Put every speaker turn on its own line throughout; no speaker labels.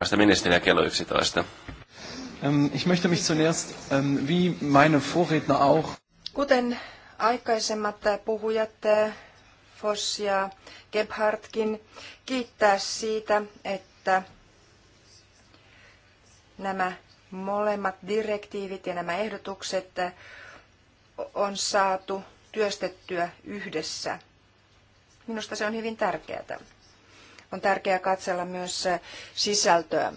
vasta ministeriä kello 11.
Ähm, ich möchte mich zunächst, ähm, wie meine
Vorredner auch.
Kuten aikaisemmat puhujat äh, Foss ja Gebhardtkin kiittää siitä, että nämä molemmat direktiivit ja nämä ehdotukset äh, on saatu työstettyä yhdessä. Minusta se on hyvin tärkeää on tärkeää katsella myös sisältöä.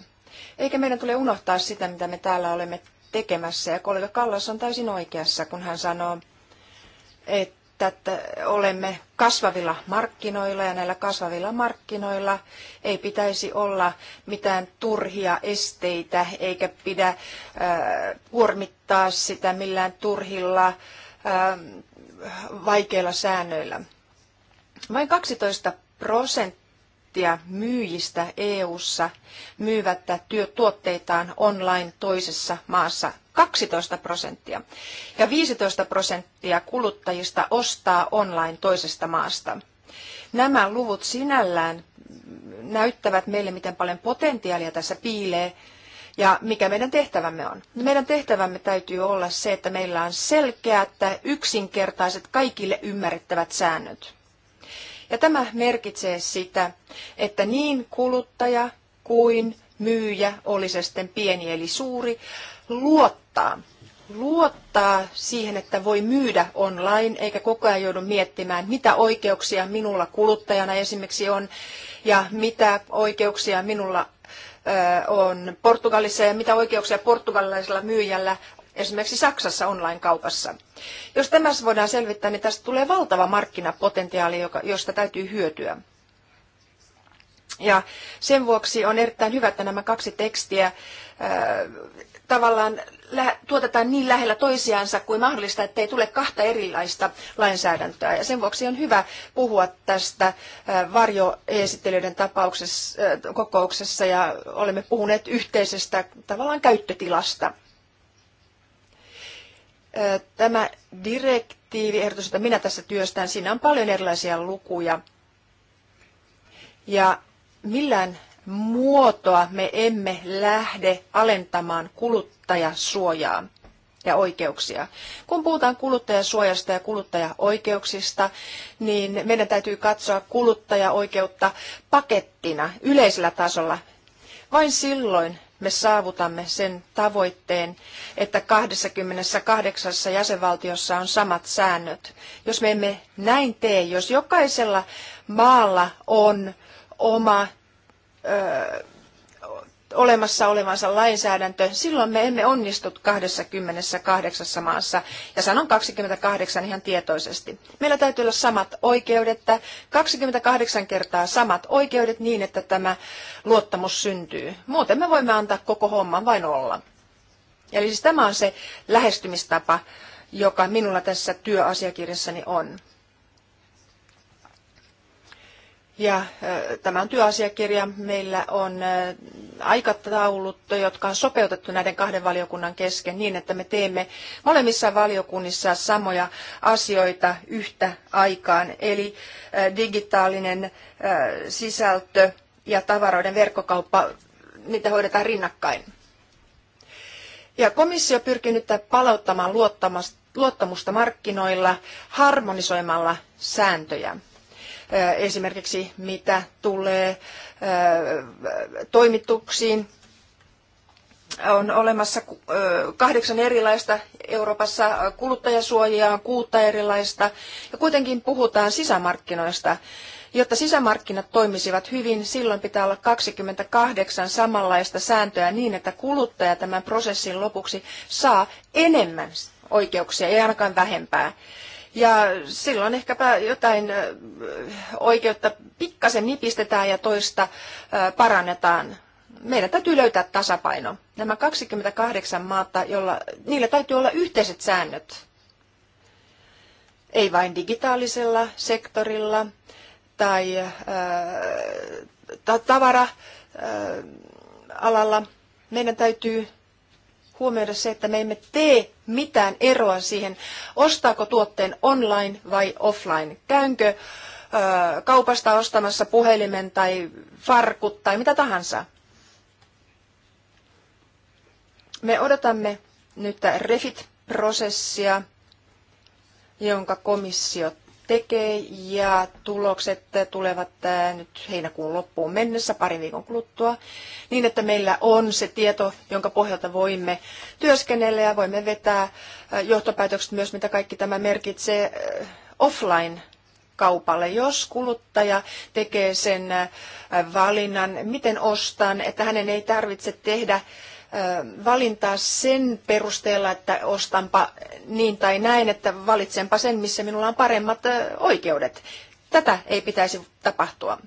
Eikä meidän tule unohtaa sitä, mitä me täällä olemme tekemässä. Ja kollega Kallas on täysin oikeassa, kun hän sanoo, että, olemme kasvavilla markkinoilla ja näillä kasvavilla markkinoilla ei pitäisi olla mitään turhia esteitä eikä pidä kuormittaa sitä millään turhilla vaikeilla säännöillä. Vain 12 prosenttia prosenttia myyjistä EU:ssa myyvät tuotteitaan online toisessa maassa 12 prosenttia ja 15 prosenttia kuluttajista ostaa online toisesta maasta. Nämä luvut sinällään näyttävät meille, miten paljon potentiaalia tässä piilee ja mikä meidän tehtävämme on. Meidän tehtävämme täytyy olla se, että meillä on selkeät, yksinkertaiset, kaikille ymmärrettävät säännöt. Ja tämä merkitsee sitä, että niin kuluttaja kuin myyjä, oli se sitten pieni eli suuri, luottaa. Luottaa siihen, että voi myydä online, eikä koko ajan joudu miettimään, mitä oikeuksia minulla kuluttajana esimerkiksi on, ja mitä oikeuksia minulla on Portugalissa ja mitä oikeuksia portugalilaisella myyjällä esimerkiksi Saksassa online-kaupassa. Jos tämä voidaan selvittää, niin tästä tulee valtava markkinapotentiaali, josta täytyy hyötyä. Ja sen vuoksi on erittäin hyvä, että nämä kaksi tekstiä ää, äh, tavallaan tuotetaan niin lähellä toisiaansa kuin mahdollista, ettei tule kahta erilaista lainsäädäntöä. Ja sen vuoksi on hyvä puhua tästä äh, varjoesittelyiden tapauksessa, äh, kokouksessa ja olemme puhuneet yhteisestä tavallaan käyttötilasta. Tämä direktiivi, ehdotus, jota minä tässä työstän, siinä on paljon erilaisia lukuja. Ja millään muotoa me emme lähde alentamaan kuluttajasuojaa ja oikeuksia. Kun puhutaan kuluttajasuojasta ja kuluttajaoikeuksista, niin meidän täytyy katsoa kuluttajaoikeutta pakettina yleisellä tasolla. Vain silloin me saavutamme sen tavoitteen, että 28 jäsenvaltiossa on samat säännöt. Jos me emme näin tee, jos jokaisella maalla on oma ö, olemassa olevansa lainsäädäntö, silloin me emme onnistu 28 maassa. Ja sanon 28 ihan tietoisesti. Meillä täytyy olla samat oikeudet, 28 kertaa samat oikeudet niin, että tämä luottamus syntyy. Muuten me voimme antaa koko homman vain olla. Eli siis tämä on se lähestymistapa, joka minulla tässä työasiakirjassani on. Ja tämä on työasiakirja. Meillä on aikataulut, jotka on sopeutettu näiden kahden valiokunnan kesken niin, että me teemme molemmissa valiokunnissa samoja asioita yhtä aikaan, eli äh, digitaalinen äh, sisältö ja tavaroiden verkkokauppa, niitä hoidetaan rinnakkain. Ja komissio pyrkii nyt palauttamaan luottamusta markkinoilla harmonisoimalla sääntöjä esimerkiksi mitä tulee toimituksiin. On olemassa kahdeksan erilaista Euroopassa on kuutta erilaista ja kuitenkin puhutaan sisämarkkinoista. Jotta sisämarkkinat toimisivat hyvin, silloin pitää olla 28 samanlaista sääntöä niin, että kuluttaja tämän prosessin lopuksi saa enemmän oikeuksia, ei ainakaan vähempää. Ja silloin ehkäpä jotain oikeutta pikkasen nipistetään ja toista parannetaan. Meidän täytyy löytää tasapaino. Nämä 28 maata, jolla, niillä täytyy olla yhteiset säännöt. Ei vain digitaalisella sektorilla tai äh, tavara-alalla. Meidän täytyy huomioida se, että me emme tee mitään eroa siihen, ostaako tuotteen online vai offline. Käynkö kaupasta ostamassa puhelimen tai farkut tai mitä tahansa. Me odotamme nyt refit-prosessia, jonka komissio tekee ja tulokset tulevat äh, nyt heinäkuun loppuun mennessä, pari viikon kuluttua, niin että meillä on se tieto, jonka pohjalta voimme työskennellä ja voimme vetää äh, johtopäätökset myös, mitä kaikki tämä merkitsee äh, offline kaupalle, jos kuluttaja tekee sen valinnan, miten ostan, että hänen ei tarvitse tehdä valintaa sen perusteella, että ostanpa niin tai näin, että valitsenpa sen, missä minulla on paremmat oikeudet. Tätä ei pitäisi tapahtua,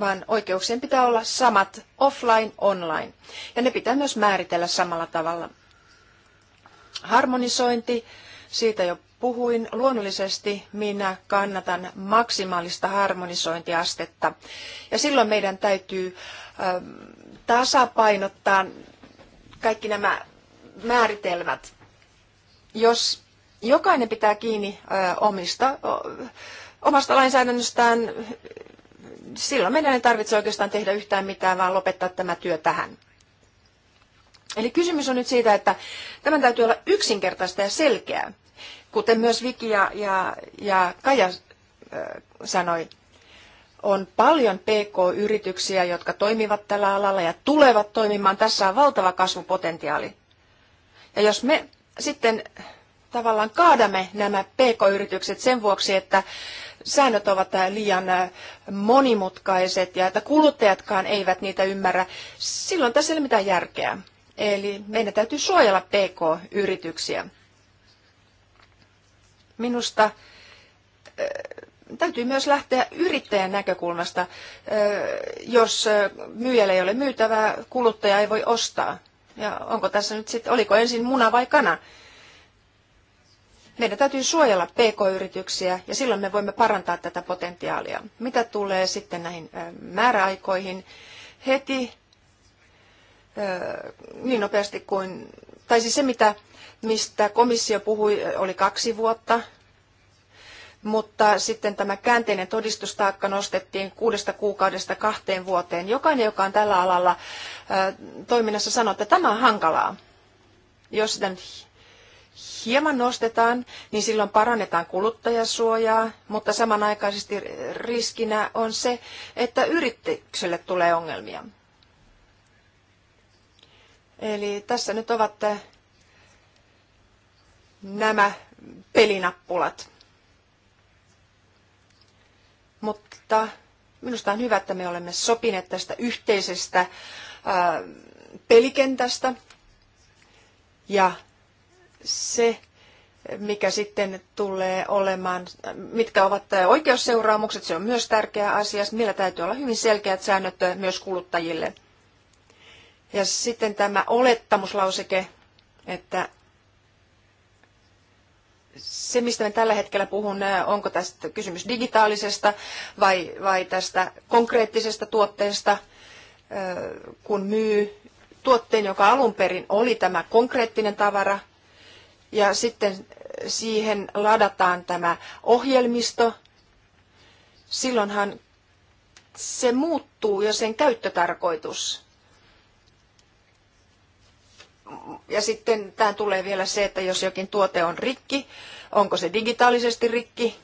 vaan oikeuksien pitää olla samat offline, online. Ja ne pitää myös määritellä samalla tavalla. Harmonisointi, siitä jo puhuin. Luonnollisesti minä kannatan maksimaalista harmonisointiastetta. Ja silloin meidän täytyy tasapainottaa kaikki nämä määritelmät. Jos jokainen pitää kiinni omista, omasta lainsäädännöstään, silloin meidän ei tarvitse oikeastaan tehdä yhtään mitään, vaan lopettaa tämä työ tähän. Eli kysymys on nyt siitä, että tämän täytyy olla yksinkertaista ja selkeää, kuten myös Viki ja, ja, ja Kaja sanoi on paljon PK-yrityksiä, jotka toimivat tällä alalla ja tulevat toimimaan. Tässä on valtava kasvupotentiaali. Ja jos me sitten tavallaan kaadamme nämä PK-yritykset sen vuoksi, että säännöt ovat liian monimutkaiset ja että kuluttajatkaan eivät niitä ymmärrä, silloin tässä ei ole mitään järkeä. Eli meidän täytyy suojella PK-yrityksiä. Minusta täytyy myös lähteä yrittäjän näkökulmasta. Jos myyjällä ei ole myytävää, kuluttaja ei voi ostaa. Ja onko tässä nyt sitten, oliko ensin muna vai kana? Meidän täytyy suojella pk-yrityksiä ja silloin me voimme parantaa tätä potentiaalia. Mitä tulee sitten näihin määräaikoihin? Heti niin nopeasti kuin, tai siis se mitä, mistä komissio puhui, oli kaksi vuotta mutta sitten tämä käänteinen todistustaakka nostettiin kuudesta kuukaudesta kahteen vuoteen. Jokainen, joka on tällä alalla toiminnassa, sanoo, että tämä on hankalaa. Jos sitä nyt hieman nostetaan, niin silloin parannetaan kuluttajasuojaa, mutta samanaikaisesti riskinä on se, että yritykselle tulee ongelmia. Eli tässä nyt ovat nämä pelinappulat mutta minusta on hyvä, että me olemme sopineet tästä yhteisestä ää, pelikentästä. Ja se, mikä sitten tulee olemaan, mitkä ovat oikeusseuraamukset, se on myös tärkeä asia. Meillä täytyy olla hyvin selkeät säännöt myös kuluttajille. Ja sitten tämä olettamuslauseke, että se, mistä me tällä hetkellä puhun, onko tästä kysymys digitaalisesta vai, vai tästä konkreettisesta tuotteesta, kun myy tuotteen, joka alun perin oli tämä konkreettinen tavara, ja sitten siihen ladataan tämä ohjelmisto, silloinhan se muuttuu ja sen käyttötarkoitus ja sitten tähän tulee vielä se, että jos jokin tuote on rikki, onko se digitaalisesti rikki.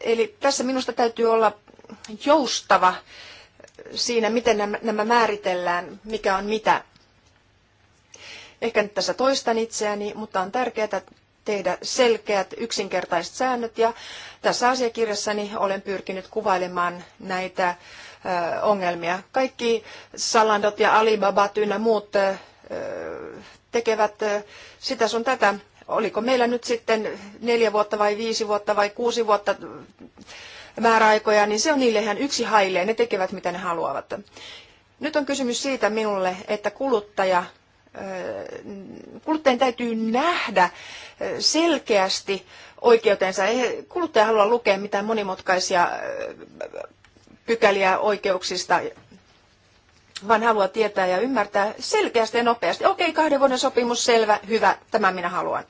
Eli tässä minusta täytyy olla joustava siinä, miten nämä määritellään, mikä on mitä. Ehkä nyt tässä toistan itseäni, mutta on tärkeää tehdä selkeät, yksinkertaiset säännöt. Ja tässä asiakirjassani olen pyrkinyt kuvailemaan näitä ongelmia. Kaikki Salandot ja Alibabat ynnä muut tekevät sitä sun tätä. Oliko meillä nyt sitten neljä vuotta vai viisi vuotta vai kuusi vuotta määräaikoja, niin se on niille ihan yksi haileen. Ne tekevät mitä ne haluavat. Nyt on kysymys siitä minulle, että kuluttaja, kuluttajien täytyy nähdä selkeästi oikeutensa. Kuluttaja haluaa lukea mitään monimutkaisia pykäliä oikeuksista, vaan haluaa tietää ja ymmärtää selkeästi ja nopeasti. Okei, kahden vuoden sopimus, selvä, hyvä, tämä minä haluan.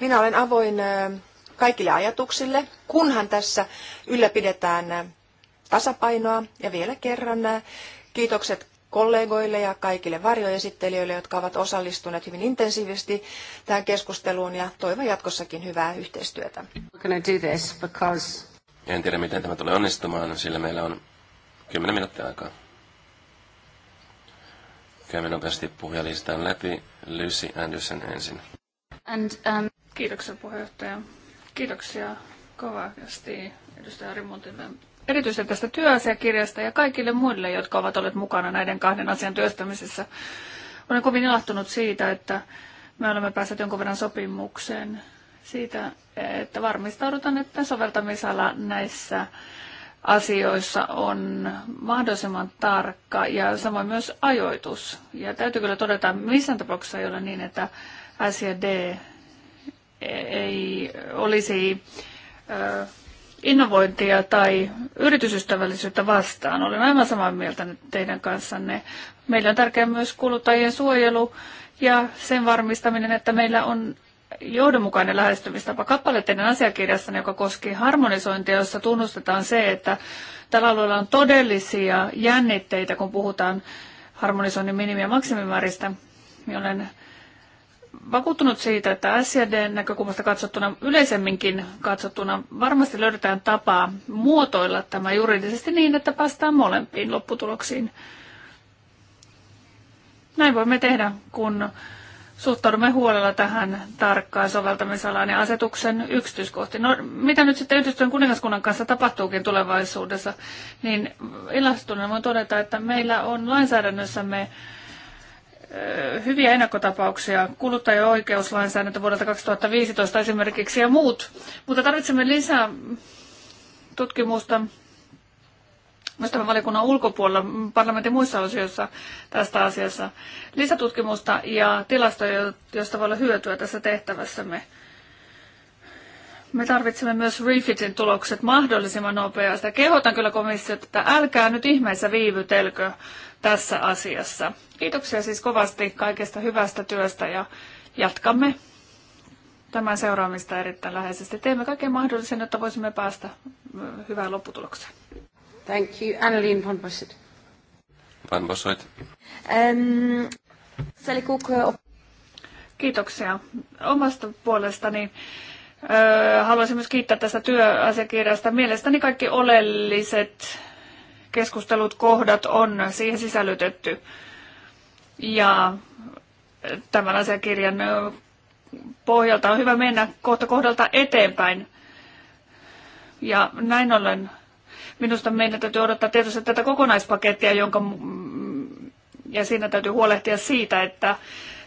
Minä olen avoin kaikille ajatuksille, kunhan tässä ylläpidetään tasapainoa. Ja vielä kerran kiitokset kollegoille ja kaikille varjoesittelijöille, jotka ovat osallistuneet hyvin intensiivisesti tähän keskusteluun ja toivon jatkossakin hyvää yhteistyötä.
En tiedä, miten tämä tulee onnistumaan, sillä meillä on 10 minuuttia aikaa. Käymme nopeasti puhujalistaan läpi. Lucy Anderson ensin.
And, um, kiitoksia puheenjohtaja. Kiitoksia kovasti edustaja Rimontille erityisesti tästä työasiakirjasta ja kaikille muille, jotka ovat olleet mukana näiden kahden asian työstämisessä. Olen kovin ilahtunut siitä, että me olemme päässeet jonkun verran sopimukseen siitä, että varmistaudutaan, että soveltamisala näissä asioissa on mahdollisimman tarkka ja samoin myös ajoitus. Ja täytyy kyllä todeta, että missään tapauksessa ei ole niin, että S ja D ei olisi innovointia tai yritysystävällisyyttä vastaan. Olen aivan samaa mieltä nyt teidän kanssanne. Meillä on tärkeää myös kuluttajien suojelu ja sen varmistaminen, että meillä on johdonmukainen lähestymistapa. Kappale teidän asiakirjassa, joka koski harmonisointia, jossa tunnustetaan se, että tällä alueella on todellisia jännitteitä, kun puhutaan harmonisoinnin minimi- ja maksimimääristä, niin olen vakuuttunut siitä, että SCDn näkökulmasta katsottuna, yleisemminkin katsottuna, varmasti löydetään tapaa muotoilla tämä juridisesti niin, että päästään molempiin lopputuloksiin. Näin voimme tehdä, kun suhtaudumme huolella tähän tarkkaan soveltamisalaan ja asetuksen yksityiskohtiin. No, mitä nyt sitten yhdistyneen kuningaskunnan kanssa tapahtuukin tulevaisuudessa, niin ilahtuneena voin todeta, että meillä on lainsäädännössämme hyviä ennakkotapauksia, kuluttajaoikeuslainsäädäntö vuodelta 2015 esimerkiksi ja muut. Mutta tarvitsemme lisää tutkimusta myös tämän valiokunnan ulkopuolella, parlamentin muissa osioissa tästä asiassa, lisätutkimusta ja tilastoja, joista voi olla hyötyä tässä tehtävässämme. Me tarvitsemme myös Refitin tulokset mahdollisimman nopeasti. Kehotan kyllä komissiota, että älkää nyt ihmeessä viivytelkö tässä asiassa. Kiitoksia siis kovasti kaikesta hyvästä työstä ja jatkamme tämän seuraamista erittäin läheisesti. Teemme kaiken mahdollisen, jotta voisimme päästä hyvään lopputulokseen. Thank you. Annelien van Bosset. Van Bosset. Um, ähm, Kiitoksia omasta puolestani. Haluaisin myös kiittää tästä työasiakirjasta. Mielestäni kaikki oleelliset keskustelut, kohdat on siihen sisällytetty. Ja tämän asiakirjan pohjalta on hyvä mennä kohta kohdalta eteenpäin. Ja näin ollen minusta meidän täytyy odottaa tietysti tätä kokonaispakettia, jonka ja siinä täytyy huolehtia siitä, että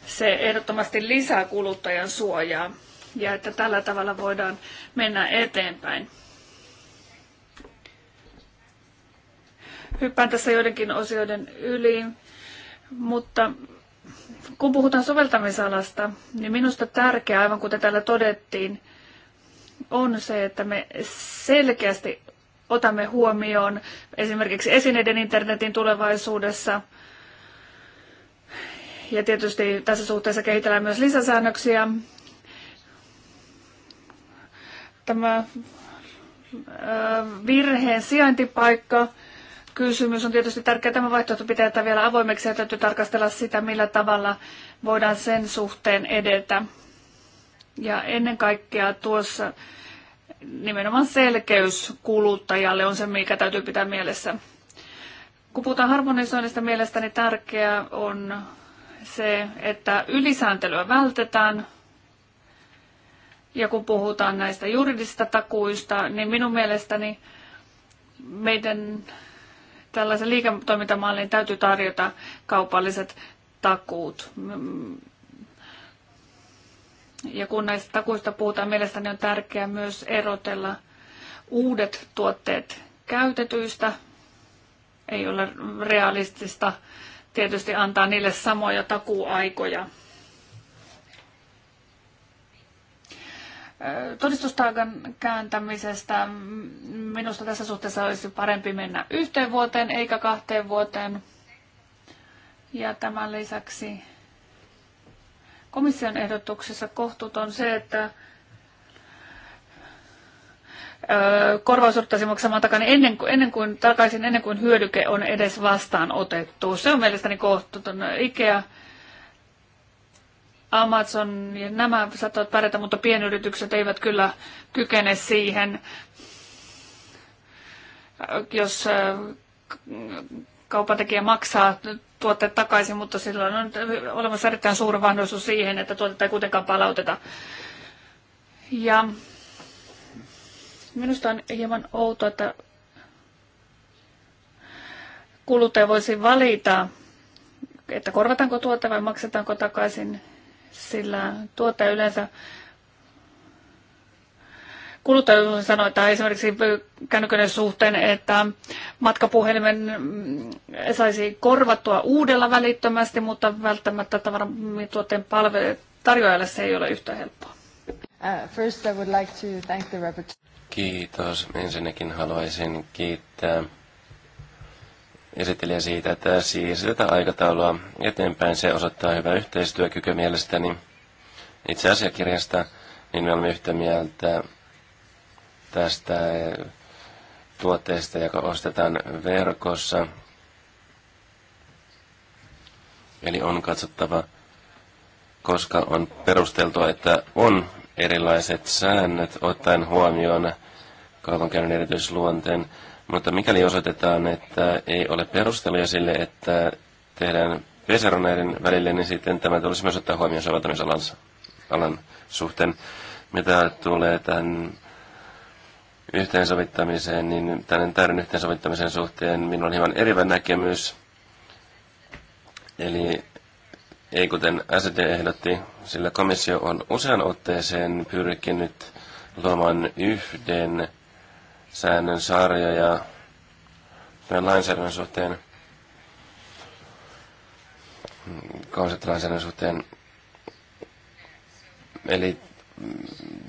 se ehdottomasti lisää kuluttajan suojaa ja että tällä tavalla voidaan mennä eteenpäin. Hyppään tässä joidenkin osioiden yli, mutta kun puhutaan soveltamisalasta, niin minusta tärkeää, aivan kuten täällä todettiin, on se, että me selkeästi otamme huomioon esimerkiksi esineiden internetin tulevaisuudessa. Ja tietysti tässä suhteessa kehitellään myös lisäsäännöksiä. Tämä virheen sijaintipaikka kysymys on tietysti tärkeä. Tämä vaihtoehto pitää jättää vielä avoimeksi ja täytyy tarkastella sitä, millä tavalla voidaan sen suhteen edetä. Ja ennen kaikkea tuossa nimenomaan selkeys kuluttajalle on se, mikä täytyy pitää mielessä. Kun puhutaan harmonisoinnista, mielestäni tärkeää on se, että ylisääntelyä vältetään. Ja kun puhutaan näistä juridisista takuista, niin minun mielestäni meidän tällaisen liiketoimintamallin täytyy tarjota kaupalliset takuut. Ja kun näistä takuista puhutaan, mielestäni on tärkeää myös erotella uudet tuotteet käytetyistä. Ei ole realistista tietysti antaa niille samoja takuaikoja todistustaakan kääntämisestä. Minusta tässä suhteessa olisi parempi mennä yhteen vuoteen eikä kahteen vuoteen. Ja tämän lisäksi komission ehdotuksessa kohtuuton se, että korvaus ottaisi maksamaan takana ennen, kuin, ennen kuin, takaisin ennen kuin hyödyke on edes vastaanotettu. Se on mielestäni kohtuuton. Ikea Amazon ja nämä saattavat pärjätä, mutta pienyritykset eivät kyllä kykene siihen, jos äh, kaupantekijä maksaa tuotteet takaisin, mutta silloin on olemassa erittäin suuri mahdollisuus siihen, että tuotetta ei kuitenkaan palauteta. Ja minusta on hieman outoa, että kuluttaja voisi valita, että korvataanko tuote vai maksetaanko takaisin sillä tuota yleensä kuluttajille sanotaan esimerkiksi kännyköiden suhteen, että matkapuhelimen saisi korvattua uudella välittömästi, mutta välttämättä tavaratuotteen palvelu tarjoajalle se ei ole yhtä helppoa.
Uh,
Kiitos. Ensinnäkin haluaisin kiittää esittelijä siitä, että siirretään aikataulua eteenpäin. Se osoittaa hyvää yhteistyökyky mielestäni itse asiakirjasta, niin me olemme yhtä mieltä tästä tuotteesta, joka ostetaan verkossa. Eli on katsottava, koska on perusteltua, että on erilaiset säännöt ottaen huomioon kaupankäynnin erityisluonteen mutta mikäli osoitetaan, että ei ole perusteluja sille, että tehdään pesero näiden välille, niin sitten tämä tulisi myös ottaa huomioon soveltamisalan alan suhteen. Mitä tulee tähän yhteensovittamiseen, niin tämän täyden yhteensovittamisen suhteen minulla on hieman erivä näkemys. Eli ei kuten SD ehdotti, sillä komissio on usean otteeseen pyrkinyt luomaan yhden säännön sarja ja tämän lainsäädännön suhteen, konseptilainsäädännön suhteen, eli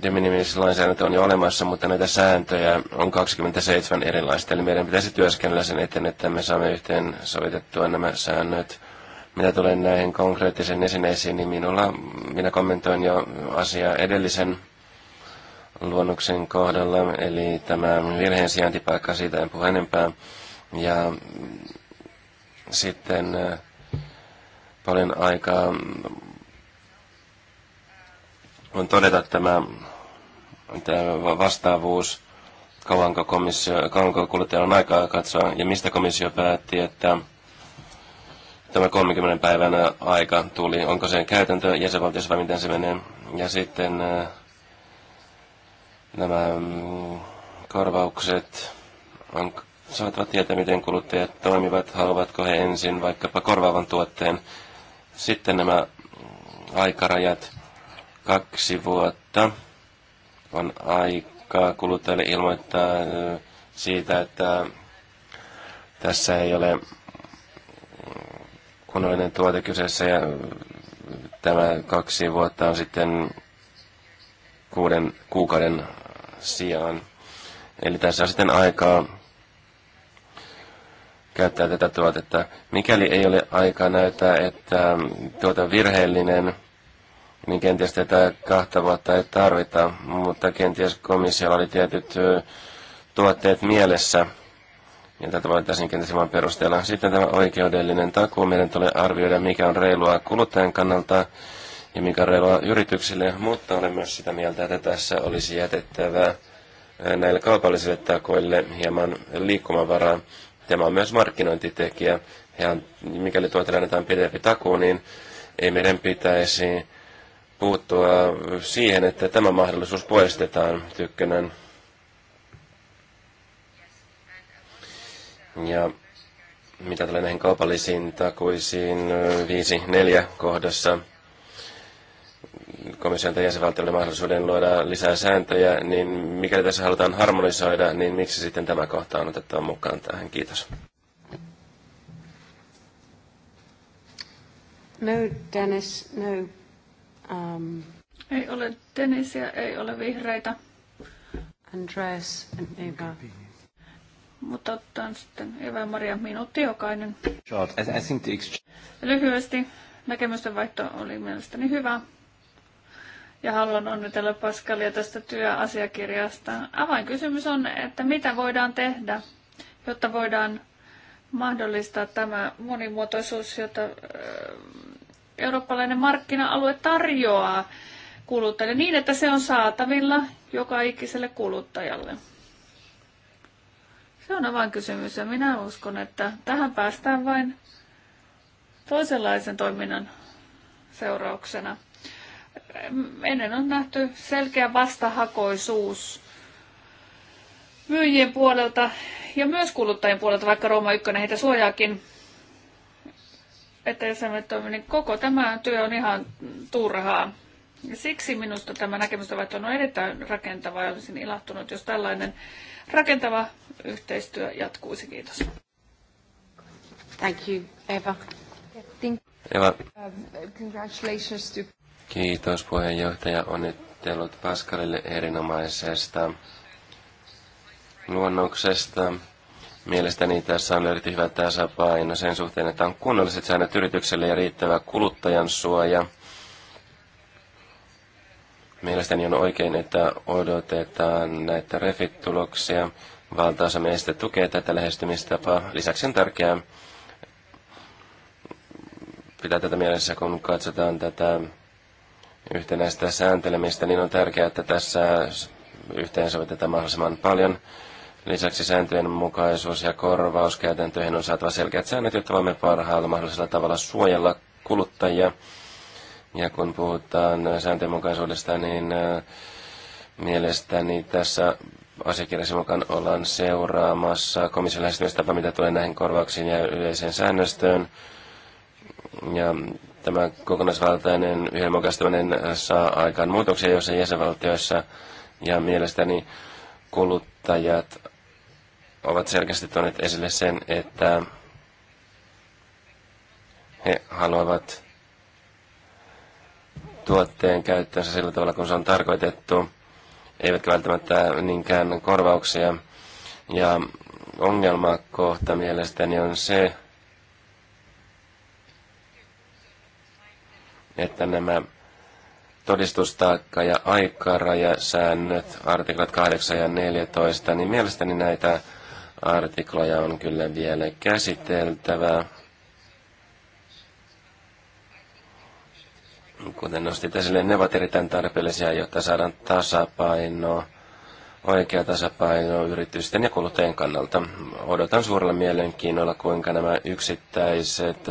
de minimis lainsäädäntö on jo olemassa, mutta näitä sääntöjä on 27 erilaista, eli meidän pitäisi työskennellä sen eteen, että me saamme yhteen sovitettua nämä säännöt. Mitä tulee näihin konkreettisiin esineisiin, niin minulla, minä kommentoin jo asiaa edellisen luonnoksen kohdalla, eli tämä virheen sijaintipaikka, siitä en puhu enempää. Ja sitten äh, paljon aikaa on todeta tämä, tämä vastaavuus, kauanko, komissio, kauanko kuluttajalla on aikaa katsoa, ja mistä komissio päätti, että tämä 30 päivän äh, aika tuli, onko se käytäntö jäsenvaltiossa vai miten se menee. Ja sitten äh, Nämä mm, korvaukset on saatava tietää, miten kuluttajat toimivat, haluavatko he ensin vaikkapa korvaavan tuotteen. Sitten nämä mm, aikarajat, kaksi vuotta on aikaa kuluttajille ilmoittaa siitä, että tässä ei ole mm, kunnollinen tuote kyseessä ja tämä kaksi vuotta on sitten kuuden kuukauden sijaan. Eli tässä on sitten aikaa käyttää tätä tuotetta. Mikäli ei ole aikaa näyttää, että tuota virheellinen, niin kenties tätä kahta vuotta ei tarvita, mutta kenties komissiolla oli tietyt tuotteet mielessä, ja tätä voitaisiin kenties vain perustella. Sitten tämä oikeudellinen takuu, meidän tulee arvioida, mikä on reilua kuluttajan kannalta, ja mikä reilua yrityksille, mutta olen myös sitä mieltä, että tässä olisi jätettävää eh, näille kaupallisille takoille hieman liikkumavaraa. Tämä on myös markkinointitekijä. Ja mikäli tuotella annetaan pidempi takuu, niin ei meidän pitäisi puuttua siihen, että tämä mahdollisuus poistetaan tykkönen. Ja mitä tulee näihin kaupallisiin takuisiin 5-4 eh, kohdassa, komission tai jäsenvaltioille mahdollisuuden luoda lisää sääntöjä, niin mikäli tässä halutaan harmonisoida, niin miksi sitten tämä kohta on otettava mukaan tähän? Kiitos.
No, Dennis, no. Um. Ei ole Denisiä, ei
ole vihreitä.
Andreas and Eva. Mutta otetaan
sitten Eva Maria minuutti jokainen.
Short. I think the
Lyhyesti. Näkemysten vaihto oli mielestäni hyvä ja haluan onnitella Paskalia tästä työasiakirjasta. Avainkysymys on, että mitä voidaan tehdä, jotta voidaan mahdollistaa tämä monimuotoisuus, jota eurooppalainen markkina-alue tarjoaa kuluttajille niin, että se on saatavilla joka ikiselle kuluttajalle. Se on avainkysymys ja minä uskon, että tähän päästään vain toisenlaisen toiminnan seurauksena ennen on nähty selkeä vastahakoisuus myyjien puolelta ja myös kuluttajien puolelta, vaikka Rooma 1 heitä suojaakin, että jos emme toimi, niin koko tämä työ on ihan turhaa. Ja siksi minusta tämä näkemys on erittäin rakentava ja olisin ilahtunut, jos tällainen rakentava yhteistyö jatkuisi.
Kiitos. Thank you, Eva. Eva. Uh, congratulations to...
Kiitos puheenjohtaja. Onnittelut Paskalille erinomaisesta luonnoksesta. Mielestäni tässä on löydetty hyvä tasapaino sen suhteen, että on kunnolliset säännöt yritykselle ja riittävä kuluttajan suoja. Mielestäni on oikein, että odotetaan näitä refit-tuloksia. Valtaosa meistä tukee tätä lähestymistapaa. Lisäksi on tärkeää pitää tätä mielessä, kun katsotaan tätä yhtenäistä sääntelemistä, niin on tärkeää, että tässä yhteensovitetaan mahdollisimman paljon. Lisäksi sääntöjen mukaisuus ja korvauskäytäntöihin on saatava selkeät säännöt, jotta voimme parhaalla mahdollisella tavalla suojella kuluttajia. Ja kun puhutaan sääntöjen mukaisuudesta, niin äh, mielestäni tässä asiakirjassa mukaan ollaan seuraamassa komission lähestymistapa, mitä tulee näihin korvauksiin ja yleiseen säännöstöön. Ja Tämä kokonaisvaltainen yhdenmukaistaminen saa aikaan muutoksia joissa jäsenvaltioissa ja mielestäni kuluttajat ovat selkeästi tuoneet esille sen, että he haluavat tuotteen käyttöönsä sillä tavalla, kun se on tarkoitettu, eivätkä välttämättä niinkään korvauksia. Ja ongelmakohta mielestäni on se, että nämä todistustaakka ja aikarajasäännöt, artiklat 8 ja 14, niin mielestäni näitä artikloja on kyllä vielä käsiteltävä. Kuten nostit esille, ne ovat erittäin tarpeellisia, jotta saadaan tasapaino, oikea tasapaino yritysten ja kuluttajien kannalta. Odotan suurella mielenkiinnolla, kuinka nämä yksittäiset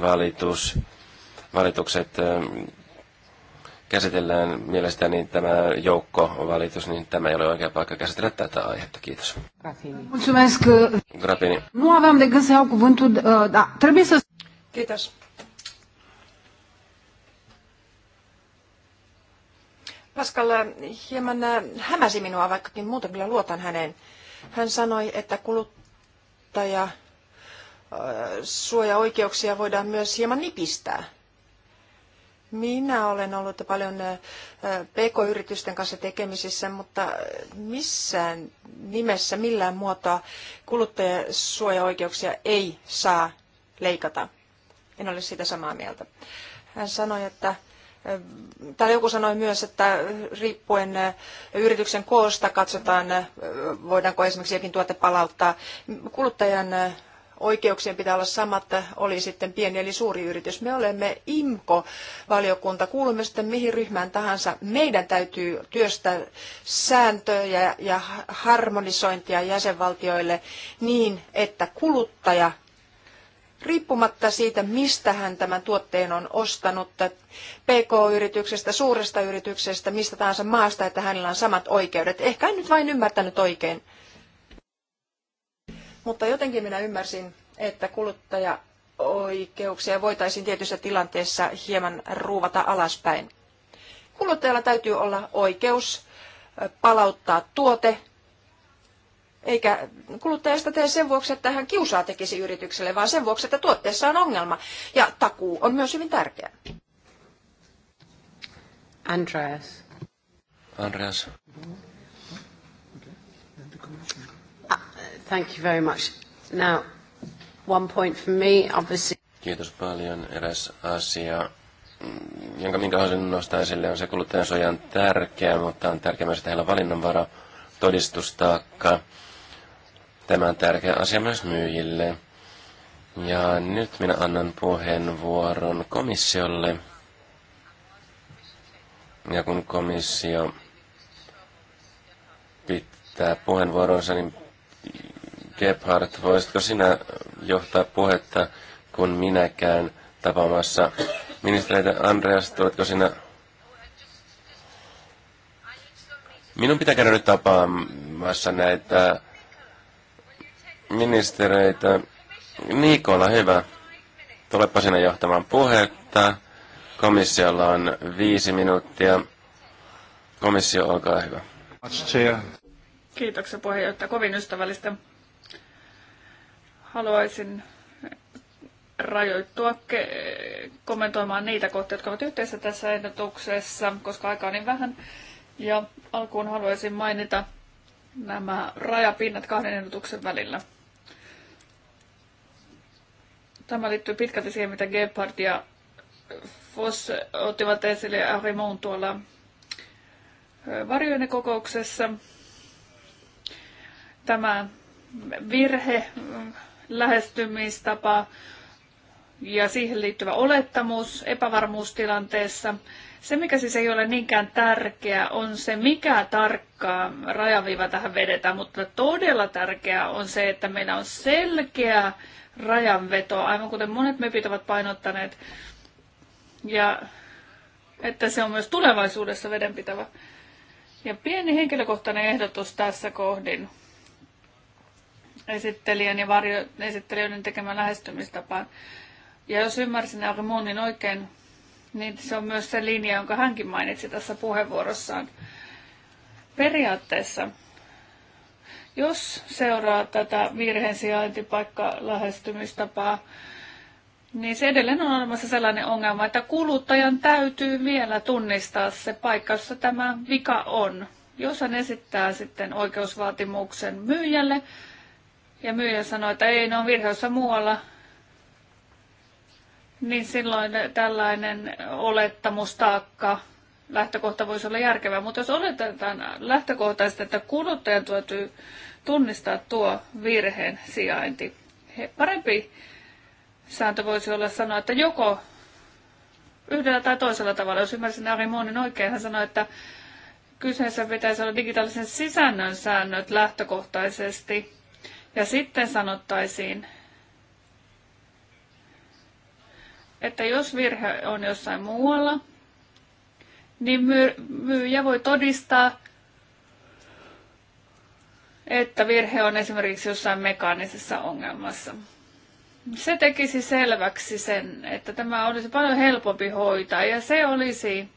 valitus- valitukset käsitellään mielestäni tämä joukkovalitus, niin tämä ei ole oikea paikka käsitellä tätä aihetta. Kiitos.
Grafini. de uh, Kiitos. Pascal hieman äh, hämäsi minua, vaikkakin muuten kyllä luotan häneen. Hän sanoi, että kuluttaja äh, suojaoikeuksia voidaan myös hieman nipistää. Minä olen ollut paljon PK-yritysten kanssa tekemisissä, mutta missään nimessä, millään muotoa kuluttajasuojaoikeuksia ei saa leikata. En ole siitä samaa mieltä. Hän sanoi, että Täällä joku sanoi myös, että riippuen yrityksen koosta katsotaan, voidaanko esimerkiksi jokin tuote palauttaa. Kuluttajan oikeuksien pitää olla samat, oli sitten pieni eli suuri yritys. Me olemme IMKO-valiokunta, kuulumme sitten mihin ryhmään tahansa. Meidän täytyy työstää sääntöjä ja harmonisointia jäsenvaltioille niin, että kuluttaja riippumatta siitä, mistä hän tämän tuotteen on ostanut, pk-yrityksestä, suuresta yrityksestä, mistä tahansa maasta, että hänellä on samat oikeudet. Ehkä en nyt vain ymmärtänyt oikein, mutta jotenkin minä ymmärsin, että kuluttajaoikeuksia voitaisiin tietyissä tilanteissa hieman ruuvata alaspäin. Kuluttajalla täytyy olla oikeus palauttaa tuote, eikä kuluttajasta tee sen vuoksi, että hän kiusaa tekisi yritykselle, vaan sen vuoksi, että tuotteessa on ongelma. Ja takuu on myös hyvin tärkeä.
Andreas. Andreas. Mm-hmm. Thank you very much. Now, one point from me, obviously. Kiitos paljon. Eräs asia, mm, jonka minkä haluaisin nostaa esille, on se kuluttajansuoja on tärkeä, mutta on tärkeää myös, että heillä on valinnanvara, todistustaakka. Tämä on tärkeä asia myös myyjille. Ja nyt minä annan puheenvuoron komissiolle. Ja kun komissio pitää puheenvuoronsa, niin Gebhardt, voisitko sinä johtaa puhetta, kun minä käyn tapaamassa ministeriä Andreas, tuletko sinä? Minun pitää käydä nyt tapaamassa näitä ministereitä. Nikola, hyvä. Tulepa sinä johtamaan puhetta. Komissiolla on viisi minuuttia. Komissio, olkaa hyvä.
Kiitoksia puheenjohtaja. Kovin ystävällistä haluaisin rajoittua ke- kommentoimaan niitä kohtia, jotka ovat yhteensä tässä ehdotuksessa, koska aikaa on niin vähän. Ja alkuun haluaisin mainita nämä rajapinnat kahden ehdotuksen välillä. Tämä liittyy pitkälti siihen, mitä Gebhard ja Foss ottivat esille ja Arimon tuolla varjojen kokouksessa. Tämä virhe lähestymistapa ja siihen liittyvä olettamus epävarmuustilanteessa. Se, mikä siis ei ole niinkään tärkeää, on se, mikä tarkkaa rajaviiva tähän vedetään, mutta todella tärkeää on se, että meillä on selkeä rajanveto, aivan kuten monet mepit ovat painottaneet, ja että se on myös tulevaisuudessa vedenpitävä. Ja pieni henkilökohtainen ehdotus tässä kohdin esittelijän ja varjoesittelijöiden tekemä lähestymistapa. Ja jos ymmärsin Armonin oikein, niin se on myös se linja, jonka hänkin mainitsi tässä puheenvuorossaan. Periaatteessa, jos seuraa tätä virheen sijaintipaikka lähestymistapaa, niin se edelleen on olemassa sellainen ongelma, että kuluttajan täytyy vielä tunnistaa se paikka, jossa tämä vika on. Jos hän esittää sitten oikeusvaatimuksen myyjälle, ja myyjä sanoo, että ei, ne on virheessä muualla, niin silloin tällainen olettamustaakka, lähtökohta voisi olla järkevä. Mutta jos oletetaan lähtökohtaisesti, että kuluttajan täytyy tunnistaa tuo virheen sijainti, parempi sääntö voisi olla sanoa, että joko yhdellä tai toisella tavalla. Jos ymmärsin Ari Moonin oikein, hän sanoi, että kyseessä pitäisi olla digitaalisen sisännön säännöt lähtökohtaisesti ja sitten sanottaisiin, että jos virhe on jossain muualla, niin myyjä voi todistaa, että virhe on esimerkiksi jossain mekaanisessa ongelmassa. Se tekisi selväksi sen, että tämä olisi paljon helpompi hoitaa ja se olisi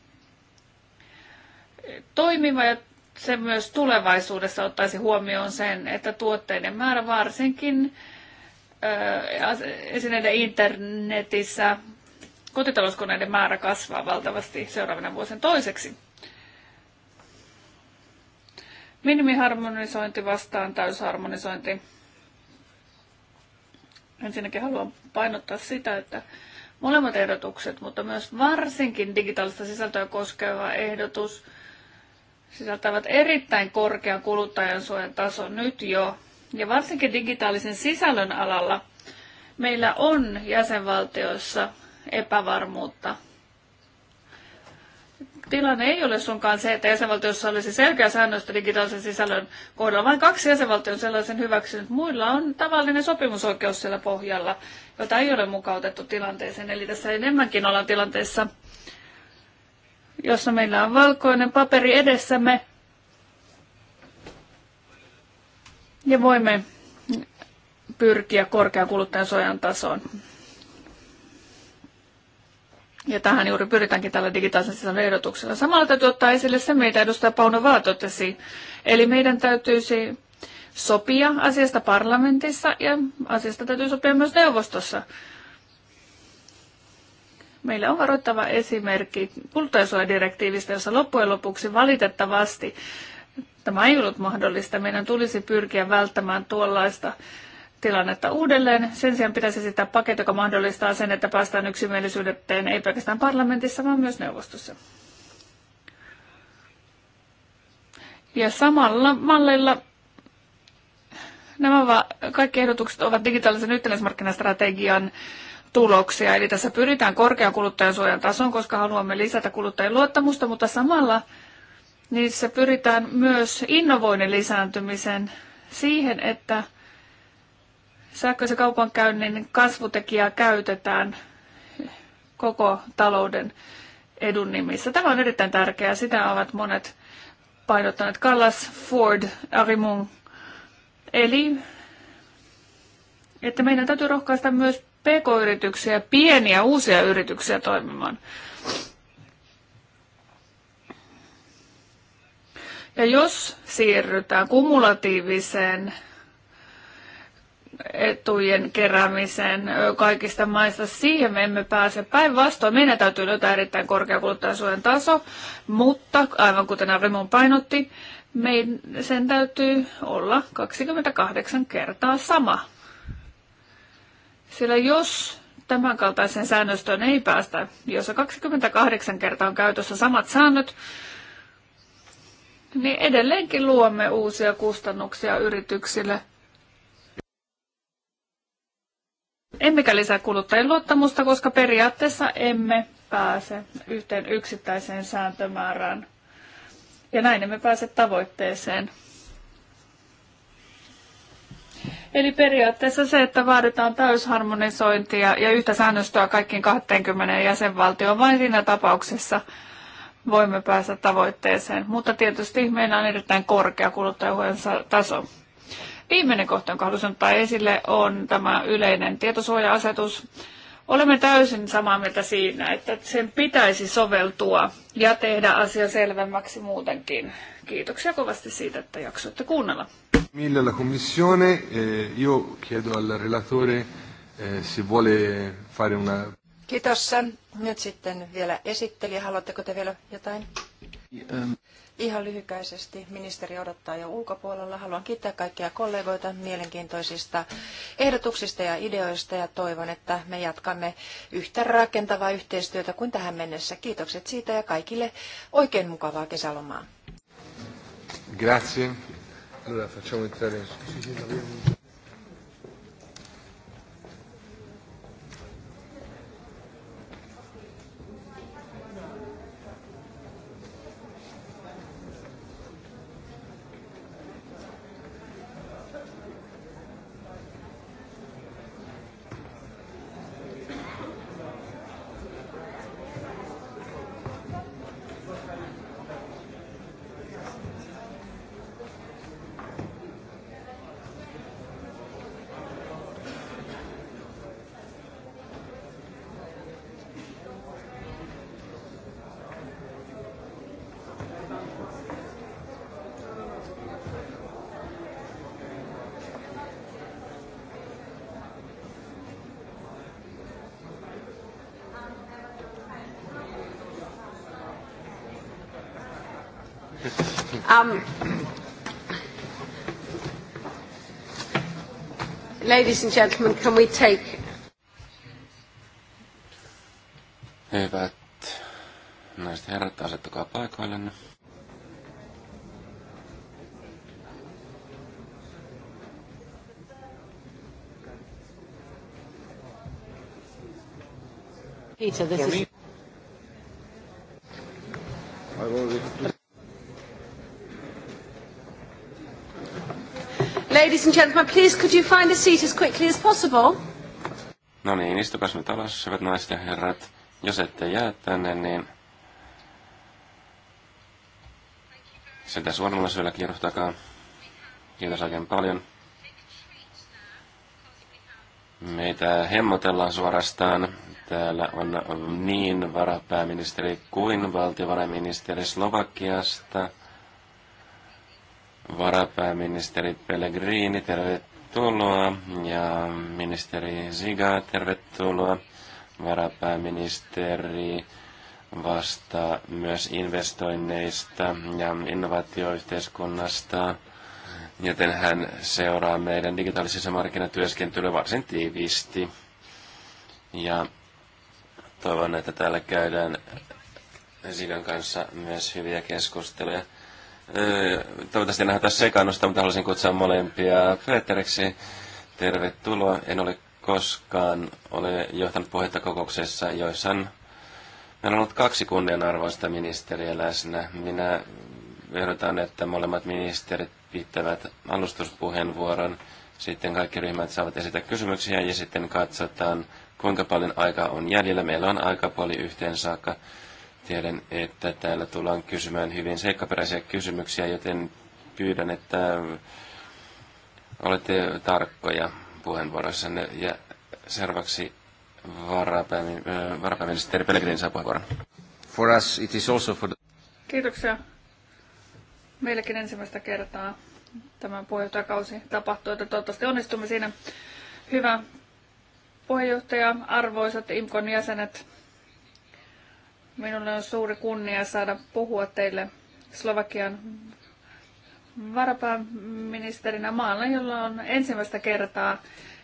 toimiva ja se myös tulevaisuudessa ottaisi huomioon sen, että tuotteiden määrä varsinkin esineiden internetissä kotitalouskoneiden määrä kasvaa valtavasti seuraavana vuosien toiseksi. Minimiharmonisointi vastaan täysharmonisointi. Ensinnäkin haluan painottaa sitä, että molemmat ehdotukset, mutta myös varsinkin digitaalista sisältöä koskeva ehdotus – sisältävät erittäin korkean kuluttajansuojan tason nyt jo. Ja varsinkin digitaalisen sisällön alalla meillä on jäsenvaltioissa epävarmuutta. Tilanne ei ole sunkaan se, että jäsenvaltiossa olisi selkeä säännöstä digitaalisen sisällön kohdalla. Vain kaksi jäsenvaltio on sellaisen hyväksynyt. Muilla on tavallinen sopimusoikeus siellä pohjalla, jota ei ole mukautettu tilanteeseen. Eli tässä enemmänkin ollaan tilanteessa, jossa meillä on valkoinen paperi edessämme. Ja voimme pyrkiä korkean kuluttajansuojan tasoon. Ja tähän juuri pyritäänkin tällä digitaalisen sisällön ehdotuksella. Samalla täytyy ottaa esille se, mitä edustaja Pauno Vaan totesi. Eli meidän täytyisi sopia asiasta parlamentissa ja asiasta täytyy sopia myös neuvostossa. Meillä on varoittava esimerkki kuluttajasuojadirektiivistä, jossa loppujen lopuksi valitettavasti tämä ei ollut mahdollista. Meidän tulisi pyrkiä välttämään tuollaista tilannetta uudelleen. Sen sijaan pitäisi esittää paketti, joka mahdollistaa sen, että päästään yksimielisyydetteen ei pelkästään parlamentissa, vaan myös neuvostossa. Ja samalla mallilla nämä kaikki ehdotukset ovat digitaalisen yhtenäismarkkinastrategian tuloksia. Eli tässä pyritään korkean kuluttajansuojan tason, koska haluamme lisätä kuluttajien luottamusta, mutta samalla niissä pyritään myös innovoinnin lisääntymisen siihen, että sähköisen kaupankäynnin kasvutekijää käytetään koko talouden edun nimissä. Tämä on erittäin tärkeää. Sitä ovat monet painottaneet. Kallas, Ford, Arimung. Eli että meidän täytyy rohkaista myös pk-yrityksiä, pieniä uusia yrityksiä toimimaan. Ja jos siirrytään kumulatiiviseen etujen keräämiseen kaikista maista, siihen me emme pääse. Päinvastoin meidän täytyy löytää erittäin korkea kuluttajansuojan taso, mutta aivan kuten Avemon painotti, meidän sen täytyy olla 28 kertaa sama. Sillä jos tämänkaltaisen säännöstön ei päästä, jossa 28 kertaa on käytössä samat säännöt, niin edelleenkin luomme uusia kustannuksia yrityksille. Emmekä lisää kuluttajien luottamusta, koska periaatteessa emme pääse yhteen yksittäiseen sääntömäärään. Ja näin emme pääse tavoitteeseen. Eli periaatteessa se, että vaaditaan täysharmonisointia ja yhtä säännöstöä kaikkiin 20 jäsenvaltioon, vain siinä tapauksessa voimme päästä tavoitteeseen. Mutta tietysti meillä on erittäin korkea kuluttajahuojan taso. Viimeinen kohta, jonka haluaisin ottaa esille, on tämä yleinen tietosuoja-asetus. Olemme täysin samaa mieltä siinä, että sen pitäisi soveltua ja tehdä asia selvemmäksi muutenkin. Kiitoksia kovasti siitä, että jaksoitte kuunnella.
Mille alla Commissione, eh, io chiedo al relatore eh, se vuole fare una...
Kiitos. Nyt sitten vielä esittelijä. Haluatteko te vielä jotain? Ihan lyhykäisesti. Ministeri odottaa jo ulkopuolella. Haluan kiittää kaikkia kollegoita mielenkiintoisista ehdotuksista ja ideoista ja toivon, että me jatkamme yhtä rakentavaa yhteistyötä kuin tähän mennessä. Kiitokset siitä ja kaikille oikein mukavaa kesälomaa. Grazie. Allora facciamo entrare.
Um, ladies and gentlemen, can we take... Hyvät naiset herrat, asettukaa paikoillenne. Peter, this is...
and gentlemen, please could you find a seat as quickly
as possible?
No niin, istukas nyt alas, hyvät naiset ja herrat. Jos ette jää tänne, niin sitä suoramalla syöllä kierrohtakaa. Kiitos oikein paljon. Meitä hemmotellaan suorastaan. Täällä on niin varapääministeri kuin valtiovarainministeri Slovakiasta – varapääministeri Pellegrini, tervetuloa, ja ministeri Ziga, tervetuloa. Varapääministeri vastaa myös investoinneista ja innovaatioyhteiskunnasta, joten hän seuraa meidän digitaalisessa markkinatyöskentelyä varsin tiiviisti. Ja toivon, että täällä käydään Sigan kanssa myös hyviä keskusteluja. Toivottavasti en nähdä sekaannusta, mutta haluaisin kutsua molempia Peteriksi. Tervetuloa. En ole koskaan ole johtanut puhetta kokouksessa, joissa on Meillä on ollut kaksi kunnianarvoista ministeriä läsnä. Minä ehdotan, että molemmat ministerit pitävät alustuspuheenvuoron. Sitten kaikki ryhmät saavat esittää kysymyksiä ja sitten katsotaan, kuinka paljon aikaa on jäljellä. Meillä on aika puoli yhteen saakka. Tiedän, että täällä tullaan kysymään hyvin seikkaperäisiä kysymyksiä, joten pyydän, että olette tarkkoja puheenvuoroissanne. Ja seuraavaksi varapäämin, varapääministeri Pellegrini saa puheenvuoron. For us it is also for the...
Kiitoksia. Meilläkin ensimmäistä kertaa tämä puheenjohtajakausi tapahtuu, että toivottavasti onnistumme siinä. Hyvä puheenjohtaja, arvoisat IMKON jäsenet, Minulle on suuri kunnia saada puhua teille Slovakian varapääministerinä maalla, jolla on ensimmäistä kertaa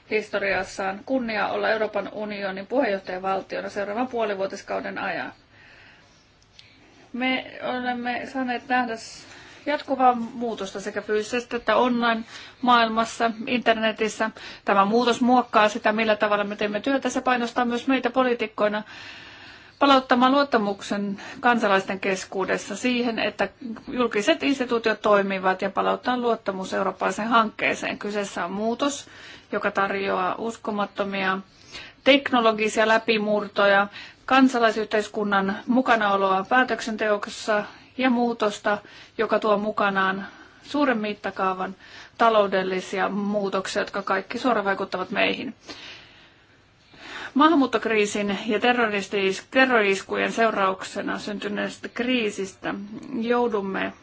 historiassaan kunnia olla Euroopan unionin puheenjohtajavaltiona seuraavan puolivuotiskauden ajan. Me olemme saaneet nähdä jatkuvaa muutosta sekä fyysisesti että online-maailmassa, internetissä. Tämä muutos muokkaa sitä, millä tavalla me teemme työtä. Se painostaa myös meitä poliitikkoina palauttamaan luottamuksen kansalaisten keskuudessa siihen, että julkiset instituutiot toimivat ja palauttaa luottamus eurooppalaiseen hankkeeseen. Kyseessä on muutos, joka tarjoaa uskomattomia teknologisia läpimurtoja, kansalaisyhteiskunnan mukanaoloa päätöksenteossa ja muutosta, joka tuo mukanaan suuren mittakaavan taloudellisia muutoksia, jotka kaikki suoraan vaikuttavat meihin. Maahanmuuttokriisin ja terroriskujen seurauksena syntyneestä kriisistä joudumme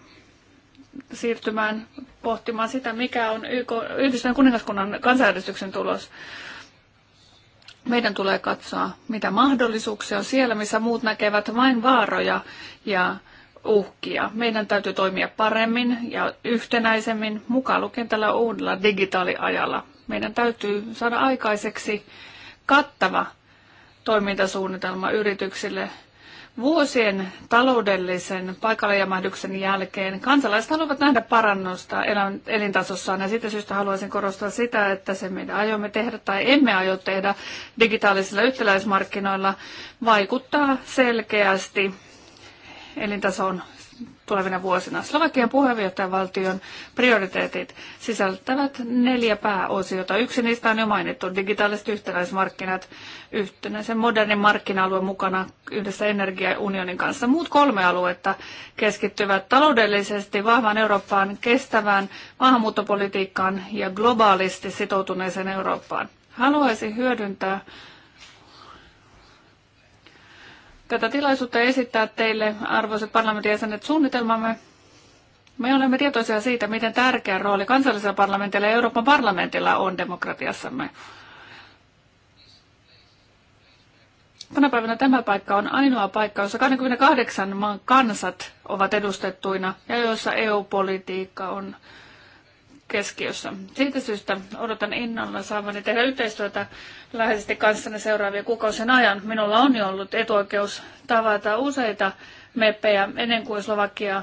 siirtymään pohtimaan sitä, mikä on YK, Yhdistyneen kuningaskunnan kansanäänestyksen tulos. Meidän tulee katsoa, mitä mahdollisuuksia on siellä, missä muut näkevät vain vaaroja ja uhkia. Meidän täytyy toimia paremmin ja yhtenäisemmin, mukaan lukien tällä uudella digitaaliajalla. Meidän täytyy saada aikaiseksi kattava toimintasuunnitelma yrityksille. Vuosien taloudellisen paikalleen jälkeen kansalaiset haluavat nähdä parannusta elintasossaan ja siitä syystä haluaisin korostaa sitä, että se mitä aiomme tehdä tai emme aio tehdä digitaalisilla yhtäläismarkkinoilla vaikuttaa selkeästi elintason tulevina vuosina. Slovakian puheenjohtajavaltion prioriteetit sisältävät neljä pääosiota. Yksi niistä on jo mainittu, digitaaliset yhtenäismarkkinat, yhtenäisen modernin markkina-alueen mukana yhdessä energiaunionin kanssa. Muut kolme aluetta keskittyvät taloudellisesti vahvaan Eurooppaan, kestävään maahanmuuttopolitiikkaan ja globaalisti sitoutuneeseen Eurooppaan. Haluaisin hyödyntää tätä tilaisuutta esittää teille, arvoisat parlamentin jäsenet, suunnitelmamme. Me olemme tietoisia siitä, miten tärkeä rooli kansallisella parlamentilla ja Euroopan parlamentilla on demokratiassamme. Tänä päivänä tämä paikka on ainoa paikka, jossa 28 maan kansat ovat edustettuina ja jossa EU-politiikka on keskiössä. Siitä syystä odotan innolla saavani tehdä yhteistyötä läheisesti kanssanne seuraavien kuukausien ajan. Minulla on jo ollut etuoikeus tavata useita meppejä ennen kuin Slovakia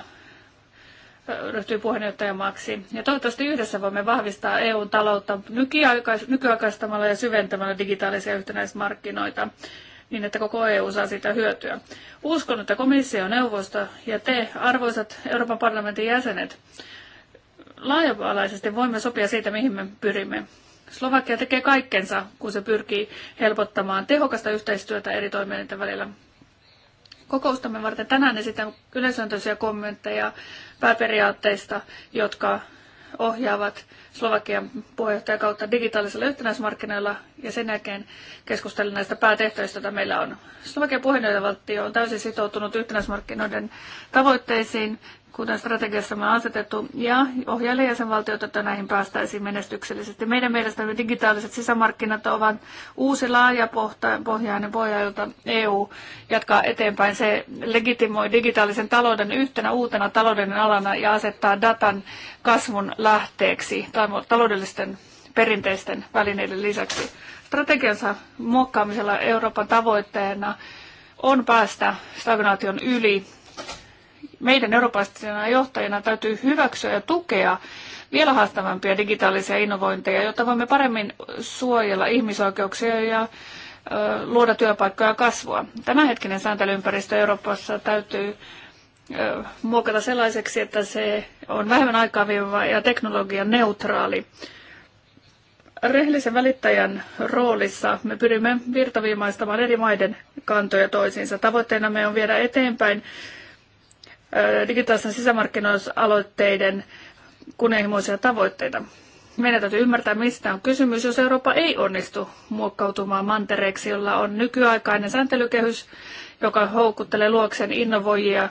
ryhtyy puheenjohtajamaaksi. Ja toivottavasti yhdessä voimme vahvistaa EUn taloutta nykyaikaistamalla ja syventämällä digitaalisia yhtenäismarkkinoita niin, että koko EU saa siitä hyötyä. Uskon, että komissio, neuvosto ja te, arvoisat Euroopan parlamentin jäsenet, laaja voimme sopia siitä, mihin me pyrimme. Slovakia tekee kaikkensa, kun se pyrkii helpottamaan tehokasta yhteistyötä eri toimijoiden välillä. Kokoustamme varten tänään esitän yleisöntöisiä kommentteja pääperiaatteista, jotka ohjaavat Slovakian puheenjohtajan kautta digitaalisella yhtenäismarkkinoilla ja sen jälkeen keskustelen näistä päätehtävistä, joita meillä on. Slovakian puheenjohtajavaltio on täysin sitoutunut yhtenäismarkkinoiden tavoitteisiin kuten strategiassa on asetettu, ja ohjailla jäsenvaltiot, että näihin päästäisiin menestyksellisesti. Meidän mielestämme digitaaliset sisämarkkinat ovat uusi pohjainen pohja, jota EU jatkaa eteenpäin. Se legitimoi digitaalisen talouden yhtenä uutena talouden alana ja asettaa datan kasvun lähteeksi taloudellisten perinteisten välineiden lisäksi. Strategiansa muokkaamisella Euroopan tavoitteena on päästä stagnaation yli meidän eurooppalaisena johtajana täytyy hyväksyä ja tukea vielä haastavampia digitaalisia innovointeja, jotta voimme paremmin suojella ihmisoikeuksia ja luoda työpaikkoja ja kasvua. Tämänhetkinen sääntelyympäristö Euroopassa täytyy muokata sellaiseksi, että se on vähemmän aikaa vievä ja teknologian neutraali. Rehellisen välittäjän roolissa me pyrimme virtaviimaistamaan eri maiden kantoja toisiinsa. Tavoitteenamme on viedä eteenpäin digitaalisten sisämarkkinoiden kunnianhimoisia tavoitteita. Meidän täytyy ymmärtää, mistä on kysymys, jos Eurooppa ei onnistu muokkautumaan mantereeksi, jolla on nykyaikainen sääntelykehys, joka houkuttelee luokseen innovoijia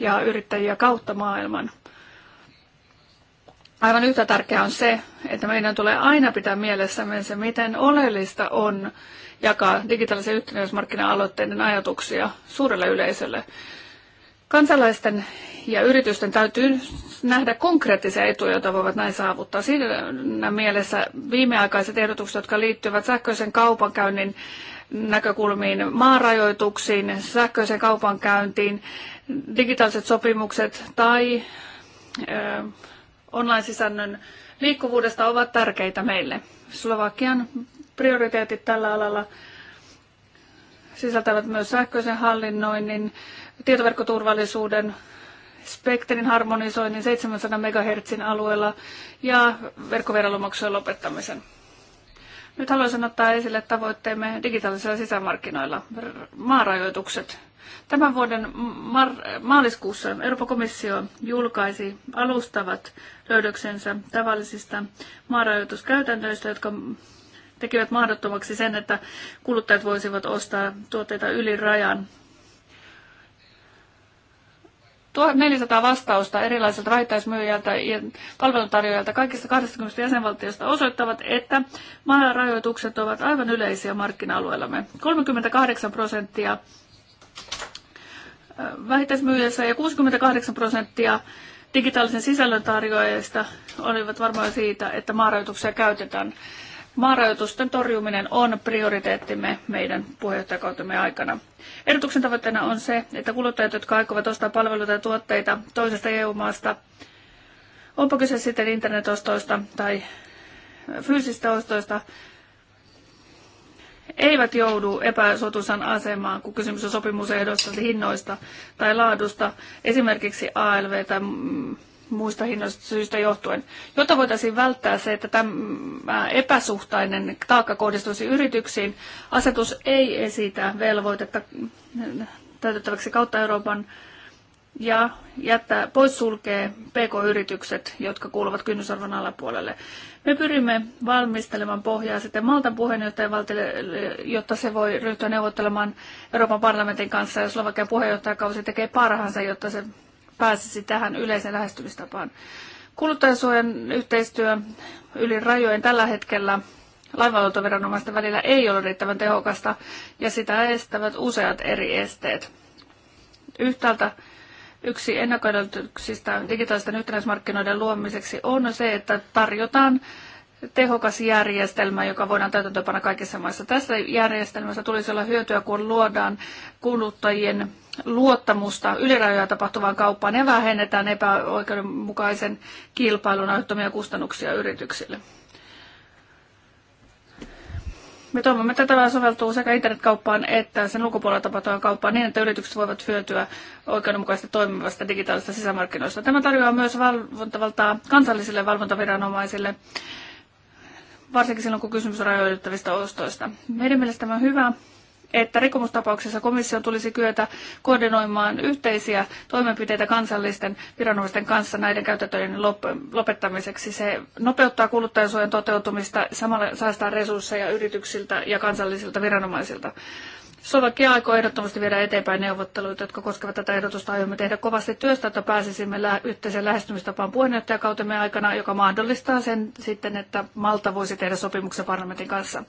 ja yrittäjiä kautta maailman. Aivan yhtä tärkeää on se, että meidän tulee aina pitää mielessämme se, miten oleellista on jakaa digitaalisen yhtenäismarkkina-aloitteiden ajatuksia suurelle yleisölle. Kansalaisten ja yritysten täytyy nähdä konkreettisia etuja, joita voivat näin saavuttaa. Siinä mielessä viimeaikaiset ehdotukset, jotka liittyvät sähköisen kaupankäynnin näkökulmiin, maarajoituksiin, sähköisen kaupankäyntiin, digitaaliset sopimukset tai ö, online-sisännön liikkuvuudesta ovat tärkeitä meille. Slovakian prioriteetit tällä alalla sisältävät myös sähköisen hallinnoinnin, tietoverkkoturvallisuuden spektrin harmonisoinnin 700 MHz alueella ja verkkoverolumaksujen lopettamisen. Nyt haluaisin ottaa esille tavoitteemme digitaalisilla sisämarkkinoilla, maarajoitukset. Tämän vuoden maaliskuussa Euroopan komissio julkaisi alustavat löydöksensä tavallisista maarajoituskäytännöistä, jotka tekivät mahdottomaksi sen, että kuluttajat voisivat ostaa tuotteita yli rajan 1400 vastausta erilaisilta vähittäismyyjältä ja palveluntarjoajilta kaikista 20 jäsenvaltiosta osoittavat, että maarajoitukset ovat aivan yleisiä markkina-alueellamme. 38 prosenttia vähittäismyyjässä ja 68 prosenttia digitaalisen sisällön tarjoajista olivat varmoja siitä, että maarajoituksia käytetään. Maarajoitusten torjuminen on prioriteettimme meidän puheenjohtajakautemme aikana. Ehdotuksen tavoitteena on se, että kuluttajat, jotka aikovat ostaa palveluita ja tuotteita toisesta EU-maasta, onpa kyse sitten internetostoista tai fyysisistä ostoista, eivät joudu epäsuotuisan asemaan, kun kysymys on sopimusehdosta, hinnoista tai laadusta, esimerkiksi ALV tai muista hinnoista syistä johtuen, jotta voitaisiin välttää se, että tämä epäsuhtainen taakka kohdistuisi yrityksiin. Asetus ei esitä velvoitetta täytettäväksi kautta Euroopan ja jättää, poissulkee PK-yritykset, jotka kuuluvat kynnysarvon alapuolelle. Me pyrimme valmistelemaan pohjaa sitten Maltan puheenjohtajavaltiolle, jotta se voi ryhtyä neuvottelemaan Euroopan parlamentin kanssa, ja Slovakian puheenjohtajakausi tekee parhaansa, jotta se pääsisi tähän yleiseen lähestymistapaan. Kuluttajasuojan yhteistyö yli rajojen tällä hetkellä laivanvalvontaviranomaisten välillä ei ole riittävän tehokasta ja sitä estävät useat eri esteet. Yhtäältä yksi ennakoiduksista digitaalisten yhtenäismarkkinoiden luomiseksi on se, että tarjotaan tehokas järjestelmä, joka voidaan täytäntöönpanna kaikissa maissa. Tässä järjestelmässä tulisi olla hyötyä, kun luodaan kuluttajien luottamusta ylirajoja tapahtuvaan kauppaan ja vähennetään epäoikeudenmukaisen kilpailun aiheuttamia kustannuksia yrityksille. Me toivomme, että tämä soveltuu sekä internetkauppaan että sen ulkopuolella tapahtuvaan kauppaan niin, että yritykset voivat hyötyä oikeudenmukaisesti toimivasta digitaalisesta sisämarkkinoista. Tämä tarjoaa myös valvontavaltaa kansallisille valvontaviranomaisille varsinkin silloin kun kysymys on rajoitettavista ostoista. Meidän mielestämme on hyvä, että rikomustapauksessa komissio tulisi kyetä koordinoimaan yhteisiä toimenpiteitä kansallisten viranomaisten kanssa näiden käytäntöjen lopettamiseksi. Se nopeuttaa kuluttajansuojan toteutumista, samalla säästää resursseja yrityksiltä ja kansallisilta viranomaisilta. Slovakia aikoo ehdottomasti viedä eteenpäin neuvotteluita, jotka koskevat tätä ehdotusta. Aiomme tehdä kovasti työstä, että pääsisimme lä- yhteisen lähestymistapaan puheenjohtajakautemme aikana, joka mahdollistaa sen sitten, että Malta voisi tehdä sopimuksen parlamentin kanssa.